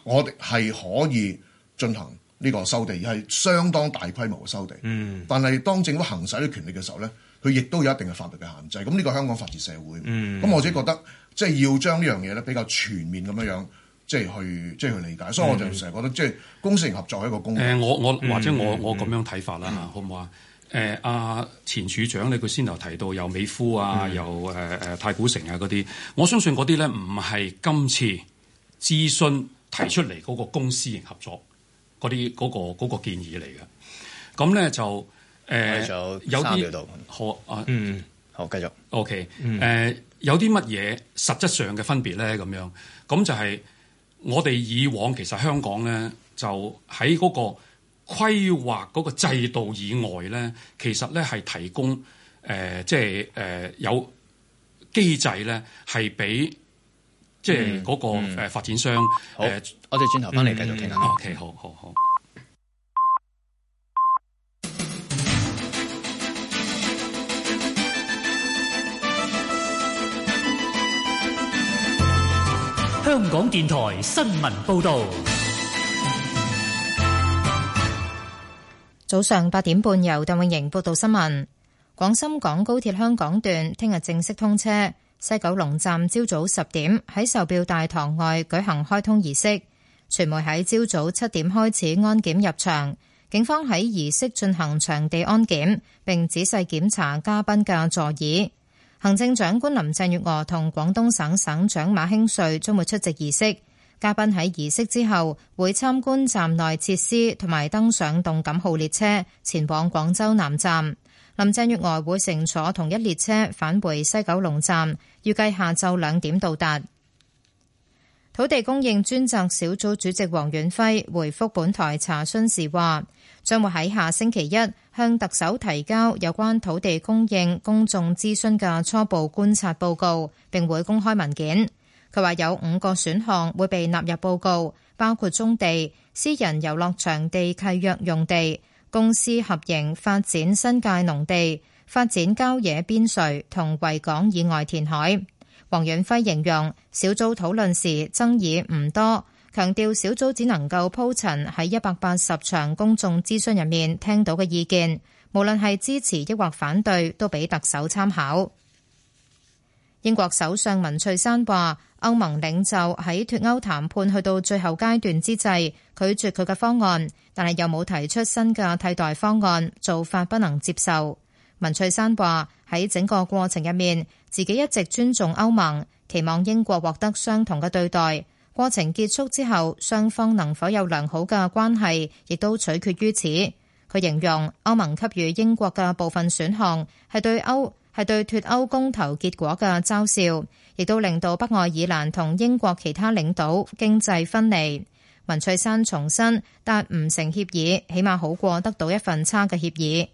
我哋係可以進行。呢、這個收地而係相當大規模嘅收地，嗯、但係當政府行使呢個權力嘅時候咧，佢亦都有一定嘅法律嘅限制。咁呢個是香港法治社會，咁、嗯、我自己覺得即係、就是、要將呢樣嘢咧比較全面咁樣樣即係去即係、就是、去理解、嗯。所以我就成日覺得即係、嗯就是、公私營合作係一個公誒、呃，我我或者我、嗯、我咁樣睇法啦嚇、嗯，好唔好、呃、啊？誒阿前署長你佢先頭提到有美孚啊，又誒誒、呃、太古城啊嗰啲，我相信嗰啲咧唔係今次諮詢提出嚟嗰個公私營合作。嗰啲嗰個嗰個建議嚟嘅，咁咧就誒、呃，有啲好、mm. 啊，嗯，好繼續。OK，誒，有啲乜嘢實質上嘅分別咧？咁樣咁就係我哋以往其實香港咧，就喺嗰個規劃嗰個制度以外咧，其實咧係提供誒，即係誒有機制咧，係俾即係嗰個誒發展商誒。Mm. Mm. 呃我哋轉頭返嚟，繼續傾下。嗯、o、okay, K，好好好。香港電台新聞報道，早上八點半由鄧穎瑩報道新聞。廣深港高鐵香港段聽日正式通車，西九龍站朝早十點喺售票大堂外舉行開通儀式。傳媒喺朝早七點開始安檢入場，警方喺儀式進行場地安檢，並仔細檢查嘉賓嘅座椅。行政長官林鄭月娥同廣東省省長馬興瑞將會出席儀式。嘉賓喺儀式之後會參觀站內設施同埋登上動感號列車前往廣州南站。林鄭月娥會乘坐同一列車返回西九龍站，預計下晝兩點到達。土地供應專責小組主席黃遠輝回覆本台查詢時話將會喺下星期一向特首提交有關土地供應公眾諮詢嘅初步觀察報告，並會公開文件。佢話有五個選項會被納入報告，包括棕地、私人遊樂場地契約用地、公司合營發展新界農地、發展郊野邊陲同維港以外填海。黃遠輝形容小組討論時爭議唔多，強調小組只能夠鋪陳喺一百八十場公眾諮詢入面聽到嘅意見，無論係支持抑或反對，都俾特首參考。英國首相文翠珊話，歐盟領袖喺脫歐談判去到最後階段之際，拒絕佢嘅方案，但係又冇提出新嘅替代方案，做法不能接受。文翠珊話：喺整個過程入面，自己一直尊重歐盟，期望英國獲得相同嘅對待。過程結束之後，雙方能否有良好嘅關係，亦都取決於此。佢形容歐盟給予英國嘅部分選項，係對歐係對脫歐公投結果嘅嘲笑，亦都令到北愛爾蘭同英國其他領導經濟分離。文翠珊重申：達唔成協議，起碼好過得到一份差嘅協議。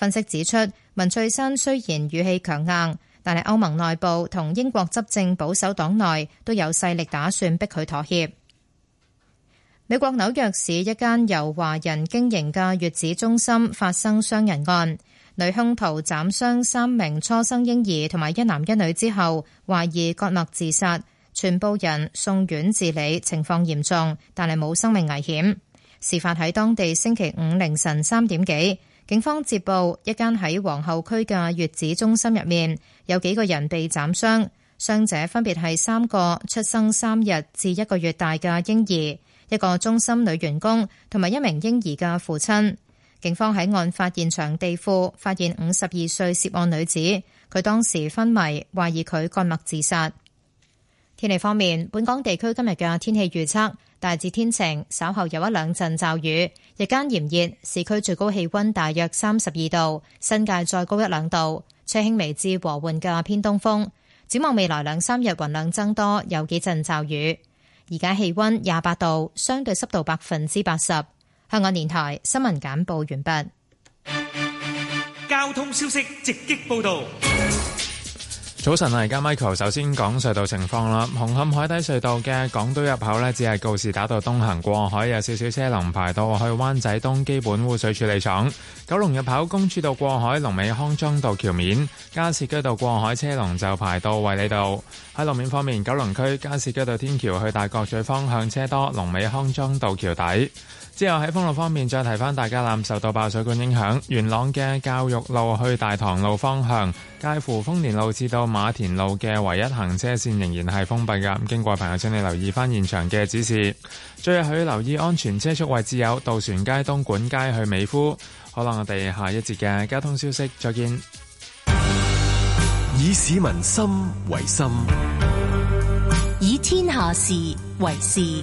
分析指出，文翠珊雖然語氣強硬，但係歐盟內部同英國執政保守黨內都有勢力打算逼佢妥協。美國紐約市一間由華人經營嘅月子中心發生傷人案，女兇徒斬傷三名初生嬰兒同埋一男一女之後，懷疑割脈自殺，全部人送院治理，情況嚴重，但係冇生命危險。事發喺當地星期五凌晨三點幾。警方接報，一間喺皇后區嘅月子中心入面，有幾個人被斬傷，傷者分別係三個出生三日至一個月大嘅嬰兒、一個中心女員工同埋一名嬰兒嘅父親。警方喺案發現場地庫發現五十二歲涉案女子，佢當時昏迷，懷疑佢割脈自殺。天氣方面，本港地區今日嘅天氣預測大致天晴，稍後有一兩陣驟雨，日間炎熱，市區最高氣溫大約三十二度，新界再高一兩度，吹輕微至和緩嘅偏東風。展望未來兩三日，雲量增多，有幾陣驟雨。而家氣溫廿八度，相對濕度百分之八十。香港電台新聞簡報完畢。交通消息直擊報道。早晨啊，而家 Michael，首先講隧道情況啦。紅磡海底隧道嘅港島入口呢，只係告士打道東行過海，有少少車龍排到去灣仔東基本污水處理廠。九龍入口公主道過海，龍尾康莊道橋面，加士居道過海車龍就排到衛理道。喺路面方面，九龍區加士居道天橋去大角咀方向車多，龍尾康莊道橋底。之後喺封路方面，再提翻大家，南受到爆水管影響，元朗嘅教育路去大棠路方向，介乎豐年路至到馬田路嘅唯一行車線仍然係封閉噶。經過朋友，請你留意翻現場嘅指示。最後，要留意安全車速位置有渡船街、東莞街去美孚。好啦，我哋下一節嘅交通消息再見。以市民心為心，以天下事為事。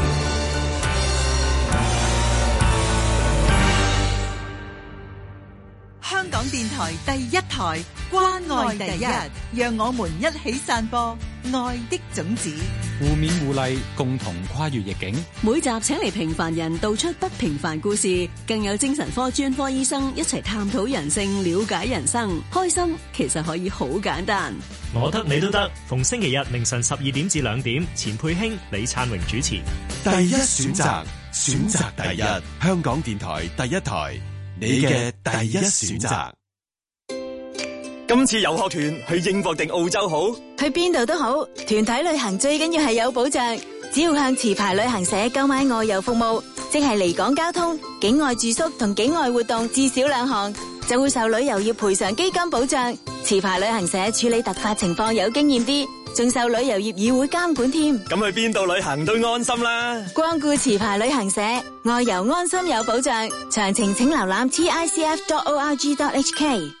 電台第一台關愛第一，讓我們一起散播愛的種子，互勉互勵，共同跨越逆境。每集請嚟平凡人道出不平凡故事，更有精神科專科醫生一齊探討人性、了解人生。開心其實可以好簡單，我得你都得。逢星期日凌晨十二點至兩點，錢佩卿、李燦榮主持。第一選擇，選擇第一，香港電台第一台。你嘅第一選擇，今次遊學團去英國定澳洲好？去邊度都好，團體旅行最緊要係有保障。只要向持牌旅行社購買外遊服務，即係離港交通、境外住宿同境外活動至少兩項，就會受旅遊業賠償基金保障。持牌旅行社處理突發情況有經驗啲。仲受旅遊業議會監管添，咁去邊度旅行都安心啦！光顧持牌旅行社，外遊安心有保障。詳情請瀏覽 t i c f dot o r g dot h k。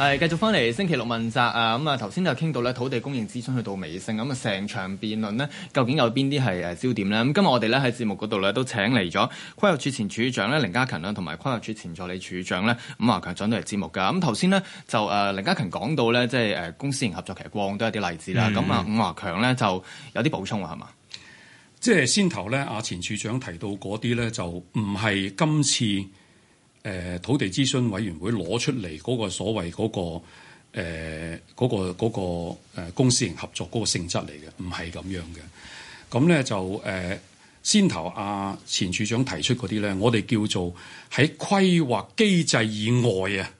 係繼續翻嚟星期六問責啊！咁啊頭先就傾到咧土地供應諮詢去到尾聲，咁啊成場辯論咧究竟有邊啲係焦點咧？咁今日我哋咧喺節目嗰度咧都請嚟咗規劃署前署長咧凌嘉勤同埋規劃署前助理署長咧伍華強上到嚟節目㗎。咁頭先咧就誒、呃、凌嘉勤講到咧即係公私營合作其實往都有啲例子啦。咁啊伍華強咧就有啲補充係係嘛？即係先頭咧阿前署長提到嗰啲咧就唔係今次。誒土地諮詢委員會攞出嚟嗰個所謂嗰、嗰個誒嗰、欸嗰個嗰、嗰個、公私營合作嗰個性質嚟嘅，唔係咁樣嘅。咁咧就誒先頭阿前處長提出嗰啲咧，我哋叫做喺規劃機制以外啊，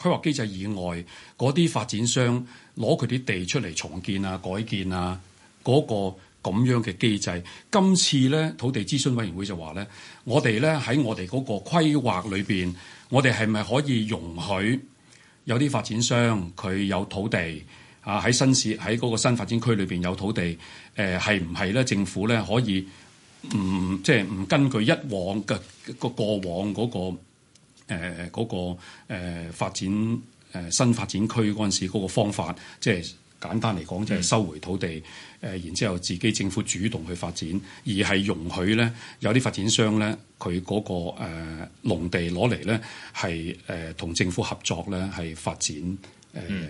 規劃機制以外嗰啲發展商攞佢啲地出嚟重建啊、改建啊嗰、嗰個。咁樣嘅機制，今次咧土地諮詢委員會就話咧，我哋咧喺我哋嗰個規劃裏邊，我哋係咪可以容許有啲發展商佢有土地啊？喺新市喺嗰個新發展區裏邊有土地，誒係唔係咧？政府咧可以唔即係唔根據一往嘅個過往嗰、那個誒嗰、呃那個、呃、發展誒、呃、新發展區嗰陣時嗰個方法，即係。簡單嚟講，就係、是、收回土地，誒，然之後自己政府主動去發展，而係容許咧有啲發展商咧，佢嗰、那個誒、呃、農地攞嚟咧係誒同政府合作咧，係發展誒嗰、呃嗯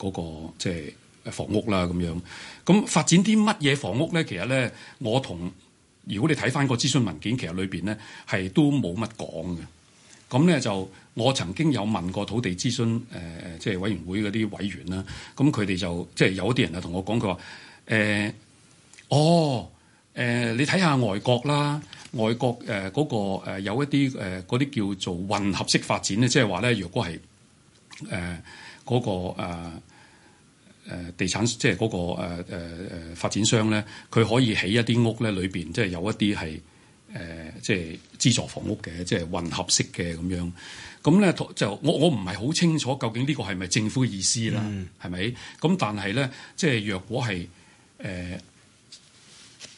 那個即係、就是、房屋啦咁樣。咁發展啲乜嘢房屋咧？其實咧，我同如果你睇返個諮詢文件，其實裏邊咧係都冇乜講嘅。咁咧就我曾經有問過土地諮詢誒誒，即係委員會嗰啲委員啦。咁佢哋就即係有一啲人啊，同我講佢話誒，哦誒、呃，你睇下外國啦，外國誒嗰、呃嗰個、呃、有一啲誒嗰啲叫做混合式發展咧，即係話咧，若果係誒嗰個誒、呃、地產，即係嗰、嗰個誒誒誒發展商咧，佢可以起一啲屋咧，裏邊即係有一啲係。誒、呃，即係資助房屋嘅，即係混合式嘅咁樣。咁咧就我我唔係好清楚究竟呢個係咪政府嘅意思啦，係咪咁？但係咧，即係若果係誒、呃，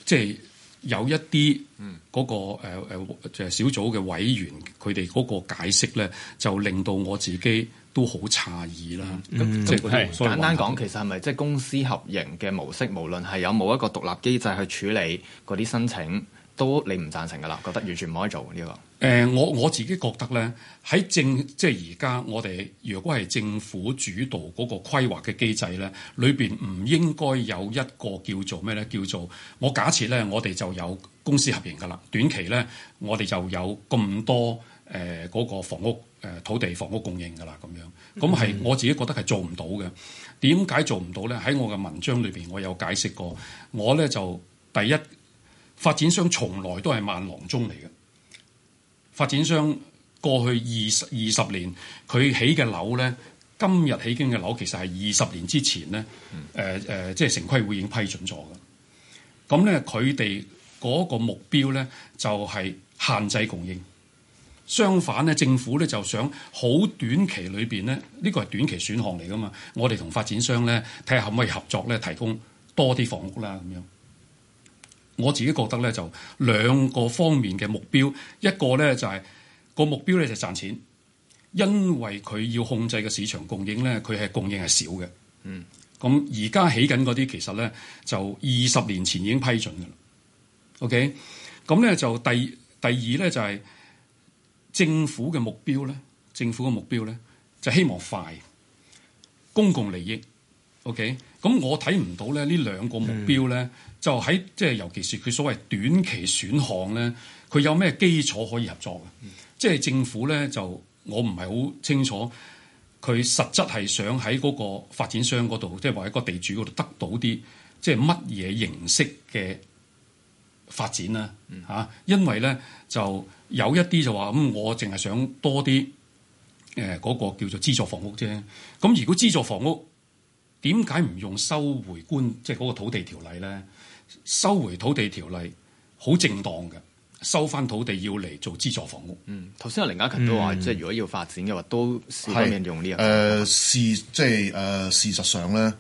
即係有一啲嗰、嗰個誒就係小組嘅委員佢哋嗰個解釋咧，就令到我自己都好詫異啦。咁、嗯、即係、嗯、簡單講，其實係咪即係公私合營嘅模式，無論係有冇一個獨立機制去處理嗰啲申請？都你唔贊成噶啦，覺得完全唔可以做呢個、呃。誒，我我自己覺得咧，喺政即係而家我哋，如果係政府主導嗰個規劃嘅機制咧，裏邊唔應該有一個叫做咩咧，叫做我假設咧，我哋就有公私合營噶啦。短期咧，我哋就有咁多誒嗰、呃嗰個房屋誒土地房屋供應噶啦咁樣。咁係我自己覺得係做唔到嘅。點解做唔到咧？喺我嘅文章裏邊，我有解釋過。我咧就第一。發展商從來都係萬郎中嚟嘅。發展商過去二十二十年，佢起嘅樓咧，今日起緊嘅樓其實係二十年之前咧，誒、嗯、誒，即係城規會已經批准咗嘅。咁咧，佢哋嗰個目標咧，就係、是、限制供應。相反咧，政府咧就想好短期裏邊咧，呢、這個係短期選項嚟噶嘛。我哋同發展商咧，睇下可唔可以合作咧，提供多啲房屋啦，咁樣。我自己覺得咧就兩個方面嘅目標，一個咧就係個目標咧就賺錢，因為佢要控制嘅市場供應咧，佢係供應係少嘅。嗯，咁而家起緊嗰啲其實咧就二十年前已經批准嘅啦。OK，咁咧就第第二咧就係政府嘅目標咧，政府嘅目標咧就希望快公共利益。OK，咁我睇唔到咧呢兩個目標咧。嗯就喺即係，尤其是佢所謂短期選項咧，佢有咩基礎可以合作嘅？即、嗯、係、就是、政府咧，就我唔係好清楚，佢實質係想喺嗰個發展商嗰度，即係話喺個地主嗰度得到啲即係乜嘢形式嘅發展啦、啊、嚇、嗯。因為咧就有一啲就話咁，我淨係想多啲誒嗰個叫做資助房屋啫。咁如果資助房屋點解唔用收回官即係嗰個土地條例咧？收回土地條例好正當嘅，收翻土地要嚟做資助房屋。嗯，頭先阿凌嘉勤都話，即係如果要發展嘅話，都試應用呢一個誒，事即係誒，事實上咧，誒、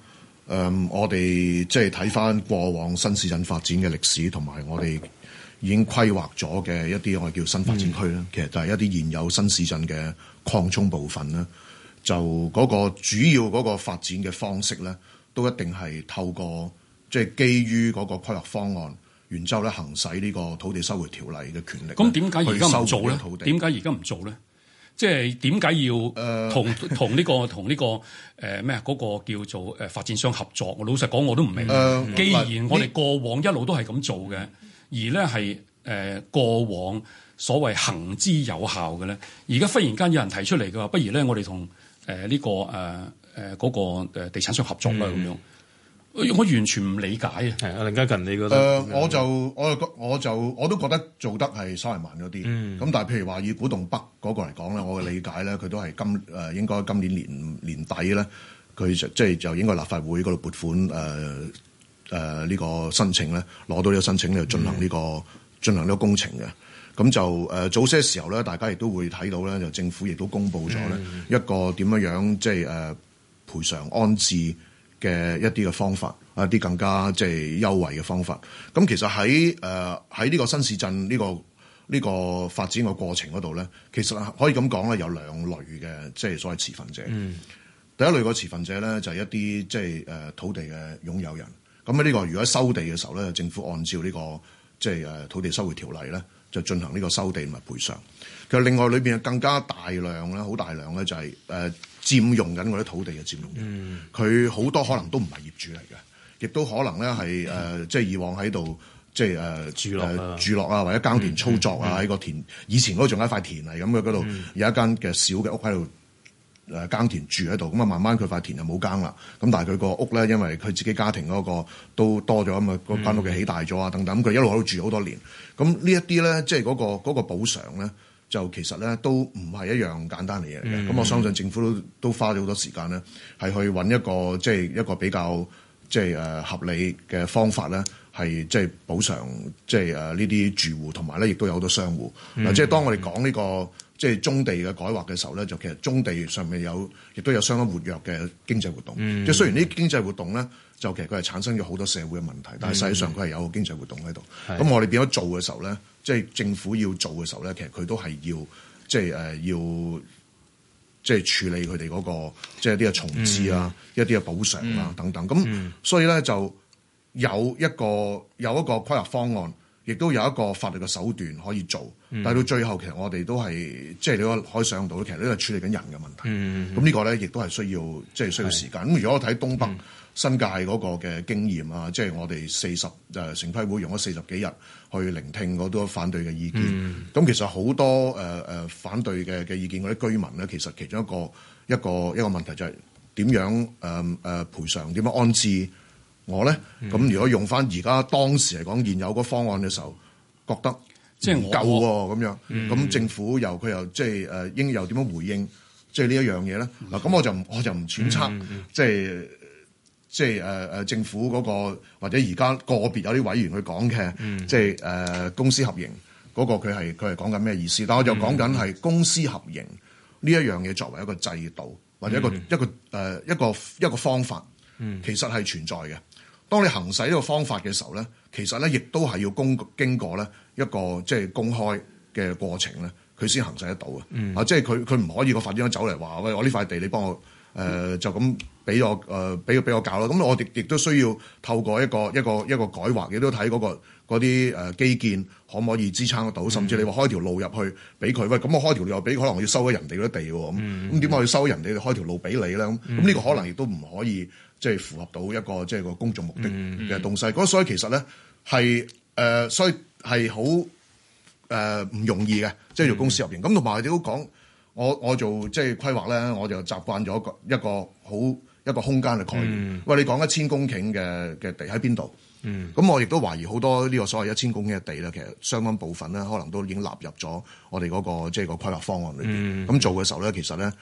呃，我哋即係睇翻過往新市鎮發展嘅歷史，同埋我哋已經規劃咗嘅一啲我哋叫新發展區咧、嗯，其實就係一啲現有新市鎮嘅擴充部分啦。就嗰個主要嗰個發展嘅方式咧，都一定係透過。即係基於嗰個規劃方案，然之後咧行使呢個土地收回條例嘅權力。咁點解而家唔做咧？點解而家唔做咧？即係點解要誒同同呢個同呢個誒咩嗰個叫做誒發展商合作？我老實講我都唔明。誒，既然我哋過往一路都係咁做嘅，嗯，而咧係誒過往所謂行之有效嘅咧，而家忽然間有人提出嚟嘅話，不如咧我哋同誒呢個誒嗰個誒地產商合作啦咁樣。我完全唔理解啊！係啊，凌嘉勤，你覺得？呃、我就我就我就我都覺得做得係稍為慢咗啲。嗯。咁但係譬如話以古洞北嗰個嚟講咧，我嘅理解咧，佢都係今誒、呃、應該今年年年底咧，佢就即係就應該立法會嗰度撥款誒誒呢個申請咧，攞到呢個申請咧、這個嗯，進行呢個進行呢個工程嘅。咁就誒、呃、早些時候咧，大家亦都會睇到咧，就政府亦都公布咗咧一個點樣樣即係誒賠償安置。嘅一啲嘅方法，一啲更加即係優惠嘅方法。咁其實喺誒喺呢個新市鎮呢、這個呢、這個發展嘅過程嗰度咧，其實可以咁講咧，有兩類嘅即係所謂持份者、嗯。第一類個持份者咧，就係一啲即係誒土地嘅擁有人。咁喺呢個如果收地嘅時候咧，政府按照呢、這個即係誒土地收回條例咧，就進行呢個收地同埋賠償。其實另外裏邊更加大量咧，好大量咧、就是，就係誒。佔用緊嗰啲土地嘅佔用嘅，佢好多可能都唔係業主嚟嘅，亦都可能咧係、呃、即係以往喺度即係、呃、住落、呃、住落啊，或者耕田操作啊，喺、嗯嗯、個田以前嗰度仲係一塊田嚟咁嘅嗰度，有一間嘅小嘅屋喺度誒耕田住喺度，咁、嗯、啊慢慢佢塊田就冇耕啦，咁但係佢個屋咧，因為佢自己家庭嗰個都多咗咁啊，個間屋嘅起大咗啊、嗯、等等，佢一路喺度住好多年，咁呢一啲咧，即係嗰個嗰個補償咧。就其實咧，都唔係一樣簡單嘅嘢嚟嘅。咁、嗯、我相信政府都都花咗好多時間咧，係去揾一個即係、就是、一個比較即係誒合理嘅方法咧，係即係補償即係誒呢啲住戶，同埋咧亦都有好多商戶。嗱、嗯，即係當我哋講呢個即係棕地嘅改劃嘅時候咧，就其實棕地上面有亦都有相當活躍嘅經濟活動。嗯、即係雖然啲經濟活動咧，就其實佢係產生咗好多社會嘅問題，但係實際上佢係有個經濟活動喺度。咁、嗯、我哋變咗做嘅時候咧。即、係、政府要做嘅時候咧，其實佢都係要，即、係呃、要，即、係、處理佢哋嗰個，即、係、一啲嘅重置啊、嗯，一啲嘅補償啊等等。咁、嗯嗯、所以咧就有一個有一個規劃方案。亦都有一個法律嘅手段可以做、嗯，但到最後其實我哋都係即係你可可以想到，其實都係處理緊人嘅問題。咁、嗯嗯、呢個咧，亦都係需要即係、就是、需要時間。咁如果我睇東北新界嗰個嘅經驗啊，即、嗯、係、就是、我哋四十誒城規會用咗四十幾日去聆聽嗰多反對嘅意見。咁、嗯、其實好多誒誒、呃、反對嘅嘅意見，嗰啲居民咧，其實其中一個一個一個問題就係點樣誒誒、呃呃、賠償、點樣安置。我咧咁、嗯、如果用翻而家當時嚟講現有個方案嘅時候，覺得、啊、即係唔夠喎咁樣。咁、嗯、政府又佢又即係誒應又點樣回應？即、就、係、是、呢一樣嘢咧嗱，咁、嗯、我就我就唔揣測，即係即係政府嗰、那個或者而家個別有啲委員去講嘅，即、嗯、係、就是呃、公私合營嗰、那個佢係佢係講緊咩意思？但我就講緊係公私合營呢一樣嘢作為一個制度或者一個、嗯、一個、呃、一個一個，一個方法，其實係存在嘅。當你行使呢個方法嘅時候咧，其實咧亦都係要公經過咧一個即係公開嘅過程咧，佢先行使得到嘅，嗯。啊，即係佢佢唔可以個發展商走嚟，話喂，我呢塊地你幫我誒、呃、就咁俾我誒俾俾我搞咯。咁我亦亦都需要透過一個一個一個改劃，亦都睇嗰個嗰啲誒基建可唔可以支撐得到，嗯。甚至你話開條路入去俾佢喂，咁我開條路俾可能我要收咗人哋嗰啲地嘅咁咁點解我要收人哋開條路俾你咧？咁咁呢個可能亦都唔可以。嗯嗯即、就、係、是、符合到一個即係、就是、個公眾目的嘅東西。嗰、嗯嗯、所以其實咧係誒，所以係好誒唔容易嘅，即、就、係、是、做公司入邊。咁同埋都講，我我做即係、就是、規劃咧，我就習慣咗一個一個好一個空間嘅概念。喂、嗯，你講一千公頃嘅嘅地喺邊度？咁、嗯、我亦都懷疑好多呢個所謂一千公頃嘅地咧，其實相當部分咧，可能都已經納入咗我哋嗰、那個即係、就是、個規劃方案裏邊。咁、嗯、做嘅時候咧，其實咧。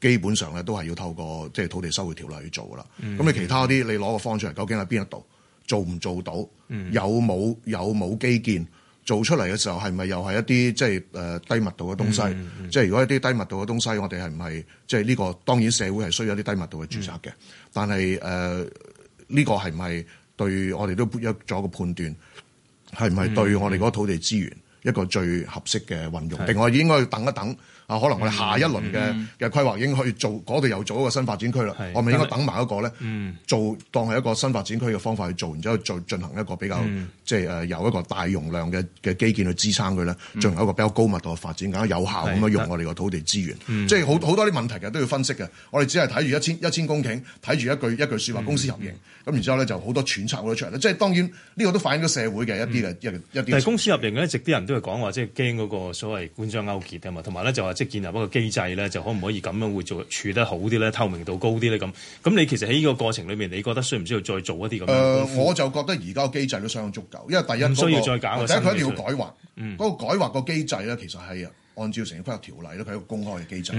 基本上咧都係要透過即係、就是、土地收回條例去做啦。咁、嗯、你其他啲你攞個方出嚟，究竟喺邊一度做唔做到？嗯、有冇有冇基建做出嚟嘅時候是是是，係咪又係一啲即係低密度嘅東西？嗯嗯、即係如果一啲低密度嘅東西，我哋係唔係即係呢個？當然社會係需要一啲低密度嘅住宅嘅，但係誒呢個係唔係對我哋都做咗個判斷？係唔係對我哋嗰土地資源一個最合適嘅運用？定、嗯、我、嗯、應該要等一等？啊，可能我哋下一輪嘅嘅規劃已經去做嗰度、嗯、又做一個新發展區啦，我咪應該等埋一個咧，做、嗯、當係一個新發展區嘅方法去做，然之後再進行一個比較即係誒有一個大容量嘅嘅基建去支撐佢咧，進、嗯、行一個比較高密度嘅發展，更加有效咁樣用我哋個土地資源。即係好好多啲問題其實都要分析嘅，我哋只係睇住一千一千公頃，睇住一句一句説話，公私合營咁、嗯，然之後咧就好多揣測我都出嚟即係當然呢、呢個都反映咗社會嘅一啲嘅、嗯、一啲，但係公私合營咧，直啲人都係講話即係驚嗰個所謂官商勾結啊嘛，同埋咧就話。即建立一個機制咧，就可唔可以咁樣會做處得好啲咧？透明度高啲咧？咁咁，你其實喺呢個過程裏面，你覺得需唔需要再做一啲咁？誒、呃，我就覺得而家個機制都相當足夠，因為第一，嗯，第一那個、需要再搞。第一，佢一定要改劃，嗰、嗯、個改劃個機制咧，其實係啊，按照城規條例咧，佢係一個公開嘅機制，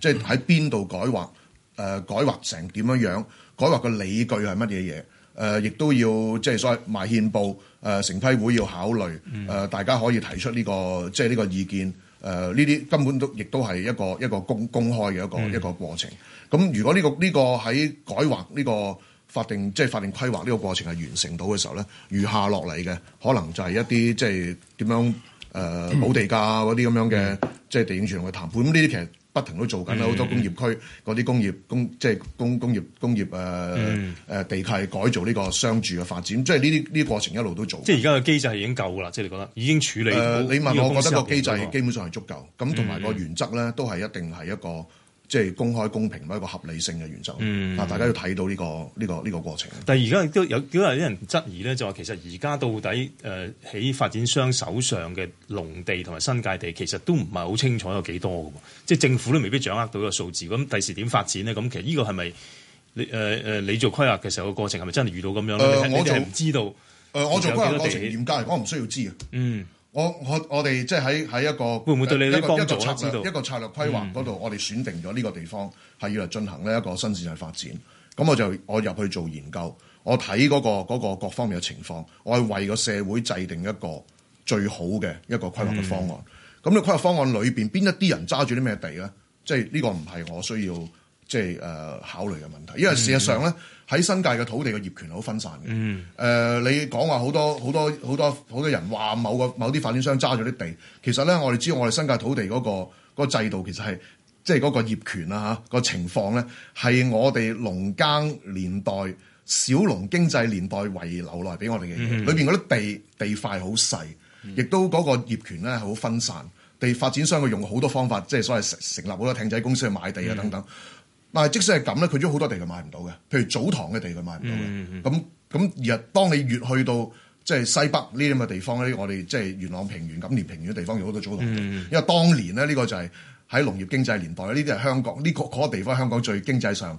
即係喺邊度改劃、呃，改劃成點樣樣，改劃個理據係乜嘢嘢？亦、呃、都要即係、就是、所謂埋憲報，誒、呃、城規會要考慮、嗯呃，大家可以提出呢、這個即係呢個意見。誒呢啲根本都亦都係一個一個公公開嘅一個、嗯、一個過程。咁如果呢、這個呢、這個喺改劃呢、這個法定即係、就是、法定規劃呢個過程係完成到嘅時候咧，餘下落嚟嘅可能就係一啲即係點樣誒補、呃、地價嗰啲咁樣嘅即係地政署同佢談判。咁呢啲其實～不停都做緊啦，好多工業區嗰啲工業工即係工工業工業誒誒、呃嗯呃、地契改造呢個商住嘅發展，即係呢啲呢啲過程一路都做。即係而家個機制係已經夠啦，即係你覺得已經處理。誒、呃、你問我，我覺得個機制基本上係足夠，咁同埋個原則咧都係一定係一個。嗯嗯即係公開公平一個合理性嘅原則，啊、嗯，大家要睇到呢、這個呢、這個呢、這個過程。但係而家都有幾多啲人質疑咧，就話其實而家到底誒喺、呃、發展商手上嘅農地同埋新界地，其實都唔係好清楚有幾多嘅，即、就、係、是、政府都未必掌握到個數字。咁第時點發展咧？咁其實呢個係咪你誒誒、呃、你做規劃嘅時候個過程係咪真係遇到咁樣咧、呃？你哋唔知道？誒、呃，我做規劃個過程點解、呃，我唔需要知嘅。嗯。我我我哋即係喺喺一個會唔會對你呢一個策略一個策略規劃嗰度，我哋選定咗呢個地方係要嚟進行呢一個新線嘅發展。咁我就我入去做研究，我睇嗰、嗰個嗰、嗰個、各方面嘅情況，我係為個社會制定一個最好嘅一個規劃嘅方案。咁、嗯、你規劃方案裏面邊一啲人揸住啲咩地咧？即係呢個唔係我需要即係、即係呃、考慮嘅問題，因為事實上咧。嗯喺新界嘅土地嘅業權好分散嘅，嗯呃。你講話好多好多好多好多人話某個某啲發展商揸咗啲地，其實咧我哋知道我哋新界土地嗰，個嗰，個、制度其實係即係嗰個業權啊嚇、個情況咧係我哋農耕年代、小農經濟年代遺留落嚟俾我哋嘅。裏、嗯、面嗰啲地地塊好細，亦都嗰個業權咧係好分散。地發展商佢用好多方法，即係所謂成立好多艇仔公司去買地啊等等。嗯嗯但係即使係咁咧，佢都好多地佢買唔到嘅，譬如祖堂嘅地佢買唔到嘅。咁、嗯、咁、嗯、而當當你越去到即係西北呢啲咁嘅地方咧，我哋即係元朗平原咁，連平原嘅地方有好多祖堂嘅，因為當年咧呢、呢個就係喺農業經濟年代，呢啲係香港呢個嗰個地方香港最經濟上。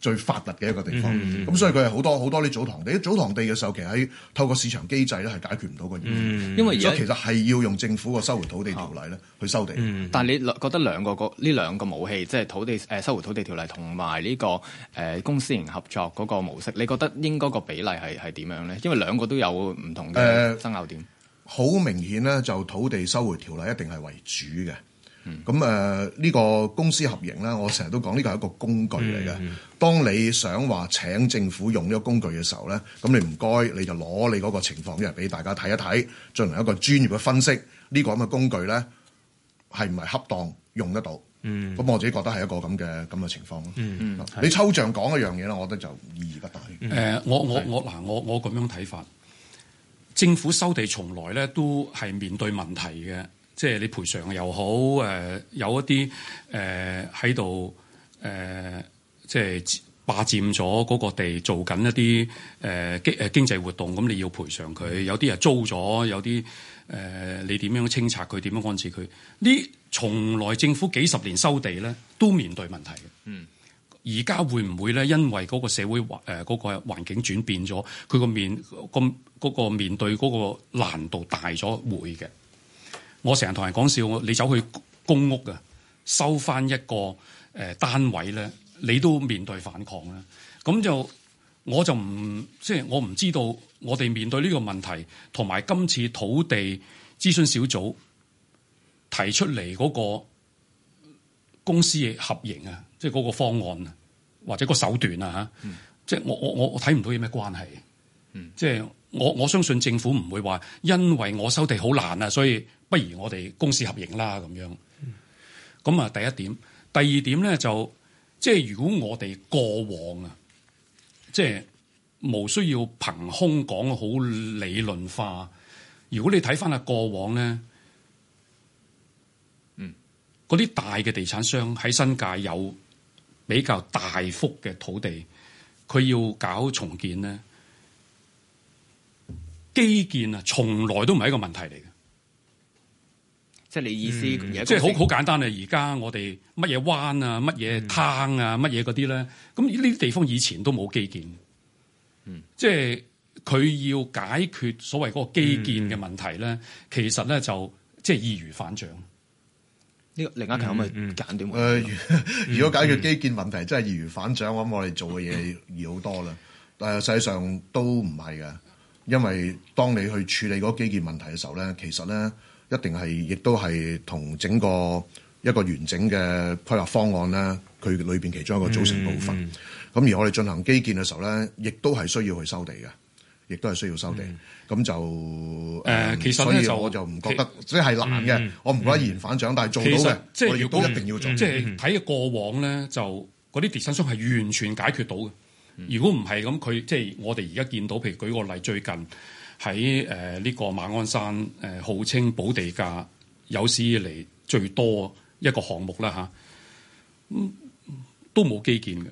最發達嘅一個地方，咁、嗯、所以佢係好多好多啲祖堂地，祖堂地嘅時候，其實喺透過市場機制咧係解決唔到嘅，因為而家其實係要用政府個收回土地條例咧去收地。嗯、但係你覺得兩個呢兩個武器，即係土地誒收回土地條例同埋呢個誒、呃、公司型合作嗰個模式，你覺得應該個比例係係點樣咧？因為兩個都有唔同嘅爭拗點。好、呃、明顯咧，就土地收回條例一定係為主嘅。咁誒呢個公私合營咧，我成日都講呢個係一個工具嚟嘅、嗯嗯。當你想話請政府用呢個工具嘅時候咧，咁你唔該你就攞你嗰個情況一嚟俾大家睇一睇，進行一個專業嘅分析。呢、呢個咁嘅工具咧係唔係恰當用得到？嗯，咁我自己覺得係一個咁嘅咁嘅情況咯。嗯嗯，你抽象講一樣嘢咧，我覺得就意義不大。誒，我我我嗱，我我咁樣睇法，政府收地從來咧都係面對問題嘅。即係你賠償又好，誒、呃、有一啲誒喺度誒，即係霸佔咗嗰個地，做緊一啲誒、呃、經誒經濟活動，咁你要賠償佢。有啲人租咗，有啲誒、呃、你點樣清拆佢，點樣安置佢？呢從來政府幾十年收地咧，都面對問題嘅。嗯，而家會唔會咧？因為嗰個社會、呃嗰個、環嗰個環境轉變咗，佢個面咁嗰、嗰個面對嗰個難度大咗，會嘅。我成日同人講笑，你走去公屋啊，收翻一個誒單位咧，你都面對反抗啦。咁就我就唔即係我唔知道，我哋面對呢個問題同埋今次土地諮詢小組提出嚟嗰個公司嘅合營啊，即係嗰個方案啊，或者個手段啊嚇，即係我我我我睇唔到有咩關係即係。嗯，就是我我相信政府唔會話，因為我收地好難啊，所以不如我哋公私合營啦咁樣。咁啊，第一點，第二點咧，就即係如果我哋過往啊，即係無需要憑空講好理論化。如果你睇翻啊過往咧，嗯，嗰啲大嘅地產商喺新界有比較大幅嘅土地，佢要搞重建咧。基建啊，從來都唔係一個問題嚟嘅，嗯。即係你意思，即係好好簡單、嗯、現在啊，而家我哋乜嘢灣啊，乜嘢灘啊，乜嘢嗰啲咧，咁呢啲地方以前都冇基建，嗯。即係佢要解決所謂嗰個基建嘅問題咧、嗯，其實咧就即係易如反掌。呢、這個凌嘉勤以簡短。誒、嗯嗯呃，如果解決基建問題真係易如反掌？嗯，我諗我哋做嘅嘢易好多啦。但係實際上都唔係噶。因為當你去處理嗰基建問題嘅時候咧，其實咧一定係亦都係同整個一個完整嘅規劃方案咧，佢裏面其中一個組成部分。咁、嗯、而我哋進行基建嘅時候咧，亦都係需要去收地嘅，亦都係需要收地。咁就誒、呃，其實咧就是呃、所以我就唔覺得，即係、就是、難嘅、嗯，我唔覺得易如反掌、嗯、但係做到嘅，即係要都一定要做。即係睇過往咧，就嗰啲地產商係完全解決到嘅。如果唔係咁，佢即係我哋而家見到，譬如舉個例，最近喺誒呢個馬鞍山誒號稱補地價有史以嚟最多一個項目啦吓、嗯，都冇基建嘅，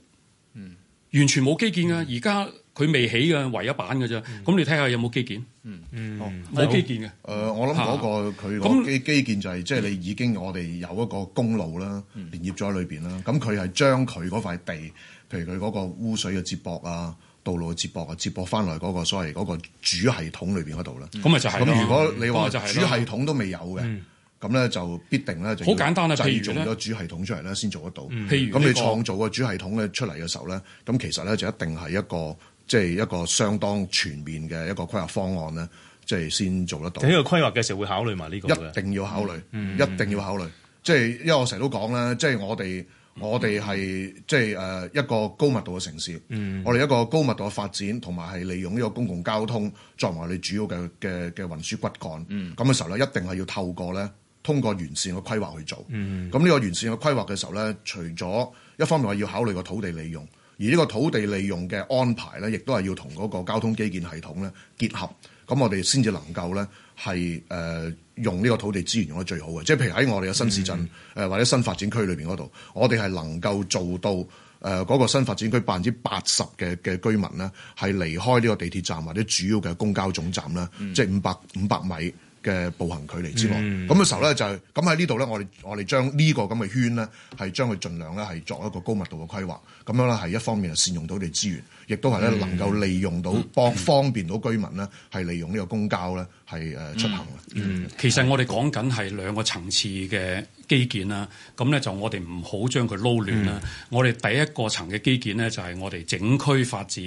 完全冇基建啊！而家佢未起嘅，唯一版嘅啫。咁、嗯、你睇下有冇基建？嗯，冇基建嘅。誒、嗯嗯啊，我諗嗰、嗰個佢咁基建就係即係你已經我哋有一個公路啦、嗯，連接咗喺裏邊啦。咁佢係將佢嗰塊地。譬如佢嗰個污水嘅接駁啊，道路嘅接駁啊，接駁翻嚟嗰個所謂嗰個主系統裏面嗰度呢，咁、嗯、咪、嗯、就係。咁如果你話就係主系統都未有嘅，咁、嗯、咧就必定咧就好簡單啦、要製造咗主系統出嚟咧先做得到。譬如咁你創造個主系統呢出嚟嘅時候咧，咁、嗯這個、其實咧就一定係一個即係、就是、一個相當全面嘅一個規劃方案咧，即、就、係、是、先做得到。喺個規劃嘅時候會考慮埋呢個嘅，一定要考慮，嗯嗯、一定要考慮。即、嗯、係因為我成日都講啦，即、就、係、是、我哋。我哋係即係誒一個高密度嘅城市，嗯、我哋一個高密度嘅發展，同埋係利用呢個公共交通作為你主要嘅嘅嘅運輸骨幹。咁、嗯、嘅時候咧，一定係要透過咧，通過完善嘅規劃去做。咁、嗯、呢個完善嘅規劃嘅時候咧，除咗一方面係要考慮個土地利用，而呢個土地利用嘅安排咧，亦都係要同嗰個交通基建系統咧結合。咁我哋先至能夠咧。係誒、呃、用呢個土地資源用得最好嘅，即係譬如喺我哋嘅新市鎮誒、嗯呃、或者新發展區裏邊嗰度，我哋係能夠做到誒嗰、呃那個新發展區百分之八十嘅嘅居民咧，係離開呢個地鐵站或者主要嘅公交總站啦，即係五百五百米嘅步行距離之外。咁、嗯、嘅時候咧就係咁喺呢度咧，我哋我哋將這個這圈呢個咁嘅圈咧係將佢儘量咧係作一個高密度嘅規劃，咁樣咧係一方面係善用土地資源，亦都係咧能夠利用到幫方便到居民咧係利用呢個公交咧。係誒出行啊！嗯，嗯，其實我哋講緊係兩個層次嘅基建啦。咁咧就我哋唔好將佢撈亂啦、嗯。我哋第一個層嘅基建咧，就係我哋整區發展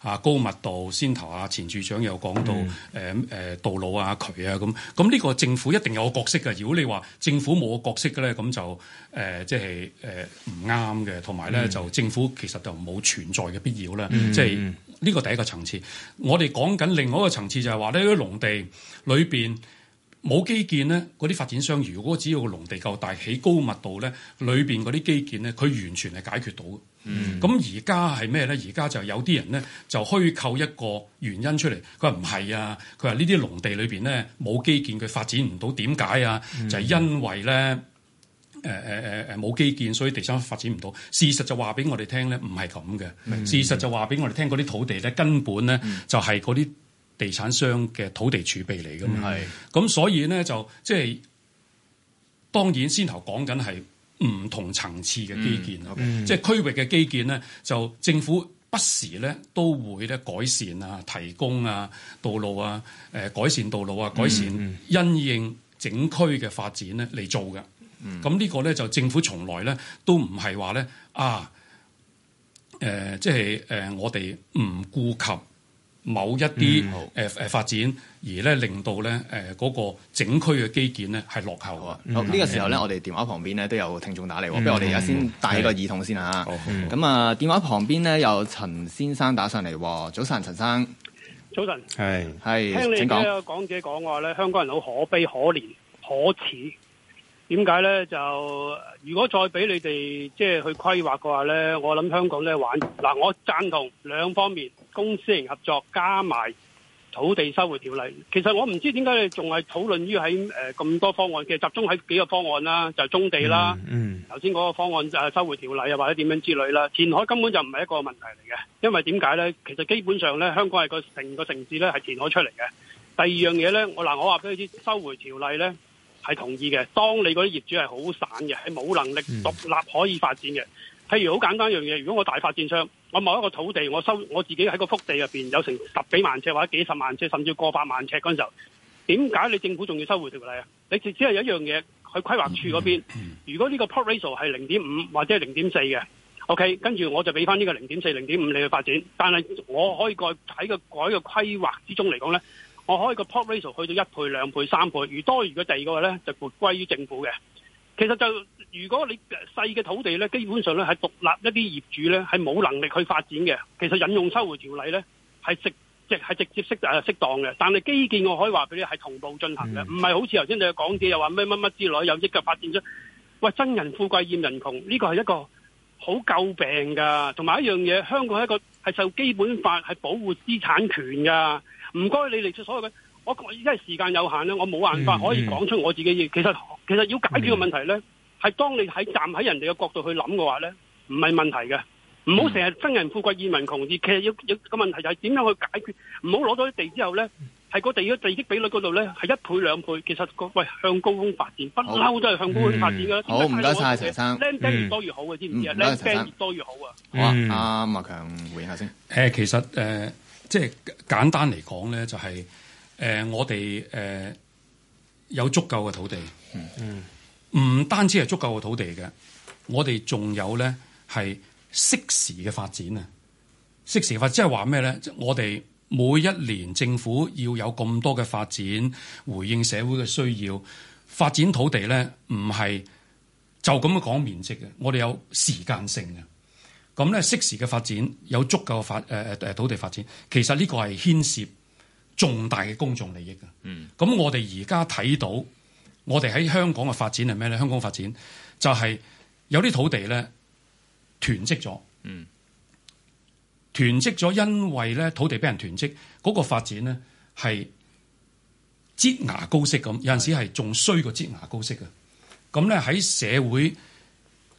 啊，高密度。先頭啊，前署長又講到誒誒、嗯欸、道路啊、渠啊咁。咁呢個政府一定有個角色嘅。如果你話政府冇個角色嘅咧，咁就誒即係誒唔啱嘅。同埋咧就政府其實就冇存在嘅必要啦。即、嗯、係。就是呢、個第一個層次，我哋講緊另外一個層次就係話呢啲農地裏邊冇基建咧，嗰啲發展商如果只要個農地夠大，起高密度咧，裏邊嗰啲基建咧，佢完全係解決到。嗯。咁而家係咩咧？而家就有啲人咧就虛構一個原因出嚟，佢話唔係啊，佢話呢啲農地裏邊咧冇基建，佢發展唔到，點解啊？就係因為咧。誒誒誒誒冇基建，所以地產發展唔到。事實就話俾我哋聽咧，唔係咁嘅。Mm -hmm. 事實就話俾我哋聽，嗰啲土地咧根本咧就係嗰啲地產商嘅土地儲備嚟噶嘛。咁、mm -hmm. 所以咧就即係、就是、當然先頭講緊係唔同層次嘅基建啦。即、mm、係 -hmm. 區域嘅基建咧，就政府不時咧都會咧改善啊、提供啊道路啊、誒改善道路啊、改善因應整區嘅發展咧嚟做嘅。咁、嗯、呢個咧就政府從來咧都唔係話咧啊、呃、即係、呃、我哋唔顧及某一啲誒、嗯呃、發展，而咧令到咧嗰、呃嗰個整區嘅基建咧係落後啊！呢、嗯嗯呢個時候咧，我哋電話旁邊咧都有聽眾打嚟，喎、嗯，不如我哋而家先戴個個耳筒先嚇、啊。咁、哦嗯、啊，電話旁邊咧有陳先生打上嚟，早晨，陳生。早晨。係係。請聽你哋講講者講話咧，香港人好可悲、可憐、可恥。點解咧？就如果再俾你哋即係去規劃嘅話咧，我諗香港咧玩嗱，我贊同兩方面，公私營合作加埋土地收回條例。其實我唔知點解你仲係討論於喺誒咁多方案，嘅集中喺幾個方案啦，就係、是、棕地啦。嗯，頭先嗰個方案就收回條例啊，或者點樣之類啦，填海根本就唔係一個問題嚟嘅。因為點解咧？其實基本上咧，香港係個成個城市咧係填海出嚟嘅。第二樣嘢咧，我嗱我話俾你知，收回條例咧。係同意嘅。當你嗰啲業主係好散嘅，係冇能力獨立可以發展嘅。譬如好簡單一樣嘢，如果我大發展商，我某一個土地，我收我自己喺個幅地入邊有成十幾萬尺或者幾十萬尺，甚至過百萬尺嗰陣時候，點解你政府仲要收回條例啊？你只只係一樣嘢喺規劃處嗰邊，如果呢個 plot ratio 係零點五或者零點四嘅，OK，跟住我就俾翻呢個零點四、零點五你去發展。但係我可以再喺個改個規劃之中嚟講呢。我可以個 plot ratio 去到一倍、兩倍、三倍，如多，如果第二話咧就撥歸於政府嘅。其實就如果你細嘅土地咧，基本上咧係獨立一啲業主咧係冇能力去發展嘅。其實引用收回條例咧係直接係直接適啊適當嘅。但係基建我可以話俾你係同步進行嘅，唔、嗯、係好似頭先你講者又話咩乜乜之類，有益嘅發展出。喂，真人富貴厭人窮呢個係一個好舊病㗎，同埋一樣嘢香港係一個係受基本法係保護資產權㗎。唔該，你列出所有嘅，我因為時間有限咧，我冇辦法可以講出我自己嘢。其實其實要解決嘅問題咧，係當你喺站喺人哋嘅角度去諗嘅話咧，唔係問題嘅。唔好成日憎人富貴，厭民窮。而其實要要個問題就係點樣去解決？唔好攞咗啲地之後咧，係個地嘅地積比率嗰度咧，係一倍兩倍。其實個喂向高空發展，不嬲都係向高空發展噶。好唔該晒，陳生。靚釘越多越好嘅，知唔知啊？靚釘越多越好啊！好啊，阿華強回應下先。誒，其實誒。即係簡單嚟講咧，就係、是、誒、呃、我哋誒、呃、有足夠嘅土地，嗯，唔單止係足夠嘅土地嘅，我哋仲有咧係適時嘅發展啊，適時嘅發展，即係話咩咧？我哋每一年政府要有咁多嘅發展，回應社會嘅需要，發展土地咧，唔係就咁樣講面積嘅，我哋有時間性嘅。咁咧，適時嘅發展有足夠嘅發、呃、土地發展，其實呢個係牽涉重大嘅公眾利益嘅。嗯，咁我哋而家睇到，我哋喺香港嘅發展係咩咧？香港發展就係、是、有啲土地咧囤積咗，嗯，囤積咗，因為咧土地俾人囤積，嗰、那個發展咧係擠牙膏式咁，有陣時係仲衰過擠牙膏式嘅。咁咧喺社會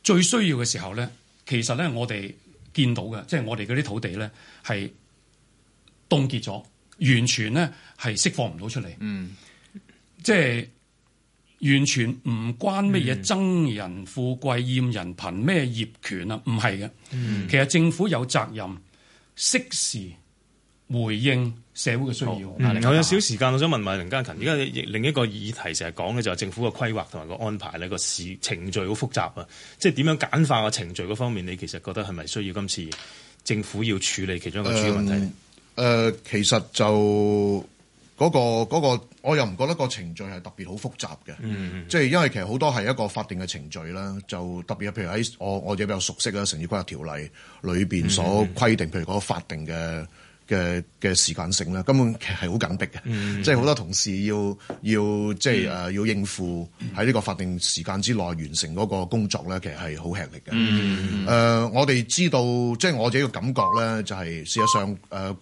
最需要嘅時候咧。其實咧，我哋見到嘅，即係我哋嗰啲土地咧，係凍結咗，完全咧係釋放唔到出嚟。嗯，即係完全唔關乜嘢憎人富貴厭、嗯、人貧咩業權啊，唔係嘅。嗯、其實政府有責任，適時，回應社會嘅、嗯、需要。嗯嗯嗯、我有少時間，我想問埋凌嘉勤。而家另一個議題，成日講嘅就係政府嘅規劃同埋個安排咧、嗰個事程序好複雜啊，即係點樣簡化個程序嗰方面，你其實覺得係咪需要今次政府要處理其中一個主要問題？誒、呃呃，其實就嗰、嗰個嗰、嗰個，我又唔覺得個程序係特別好複雜嘅。即、嗯、係、就係、因為其實好多係一個法定嘅程序啦，就特別譬如喺我我哋比較熟悉嘅《城市規劃條例》裏邊所規定，嗯、譬如嗰個法定嘅。嘅嘅時間性啦，根本其實係好緊迫嘅，即係好多同事要要即係誒要應付喺呢個法定時間之內完成嗰個工作咧，其實係好吃力嘅。誒、嗯呃，我哋知道，即係我自己嘅感覺咧，就係事實上誒。呃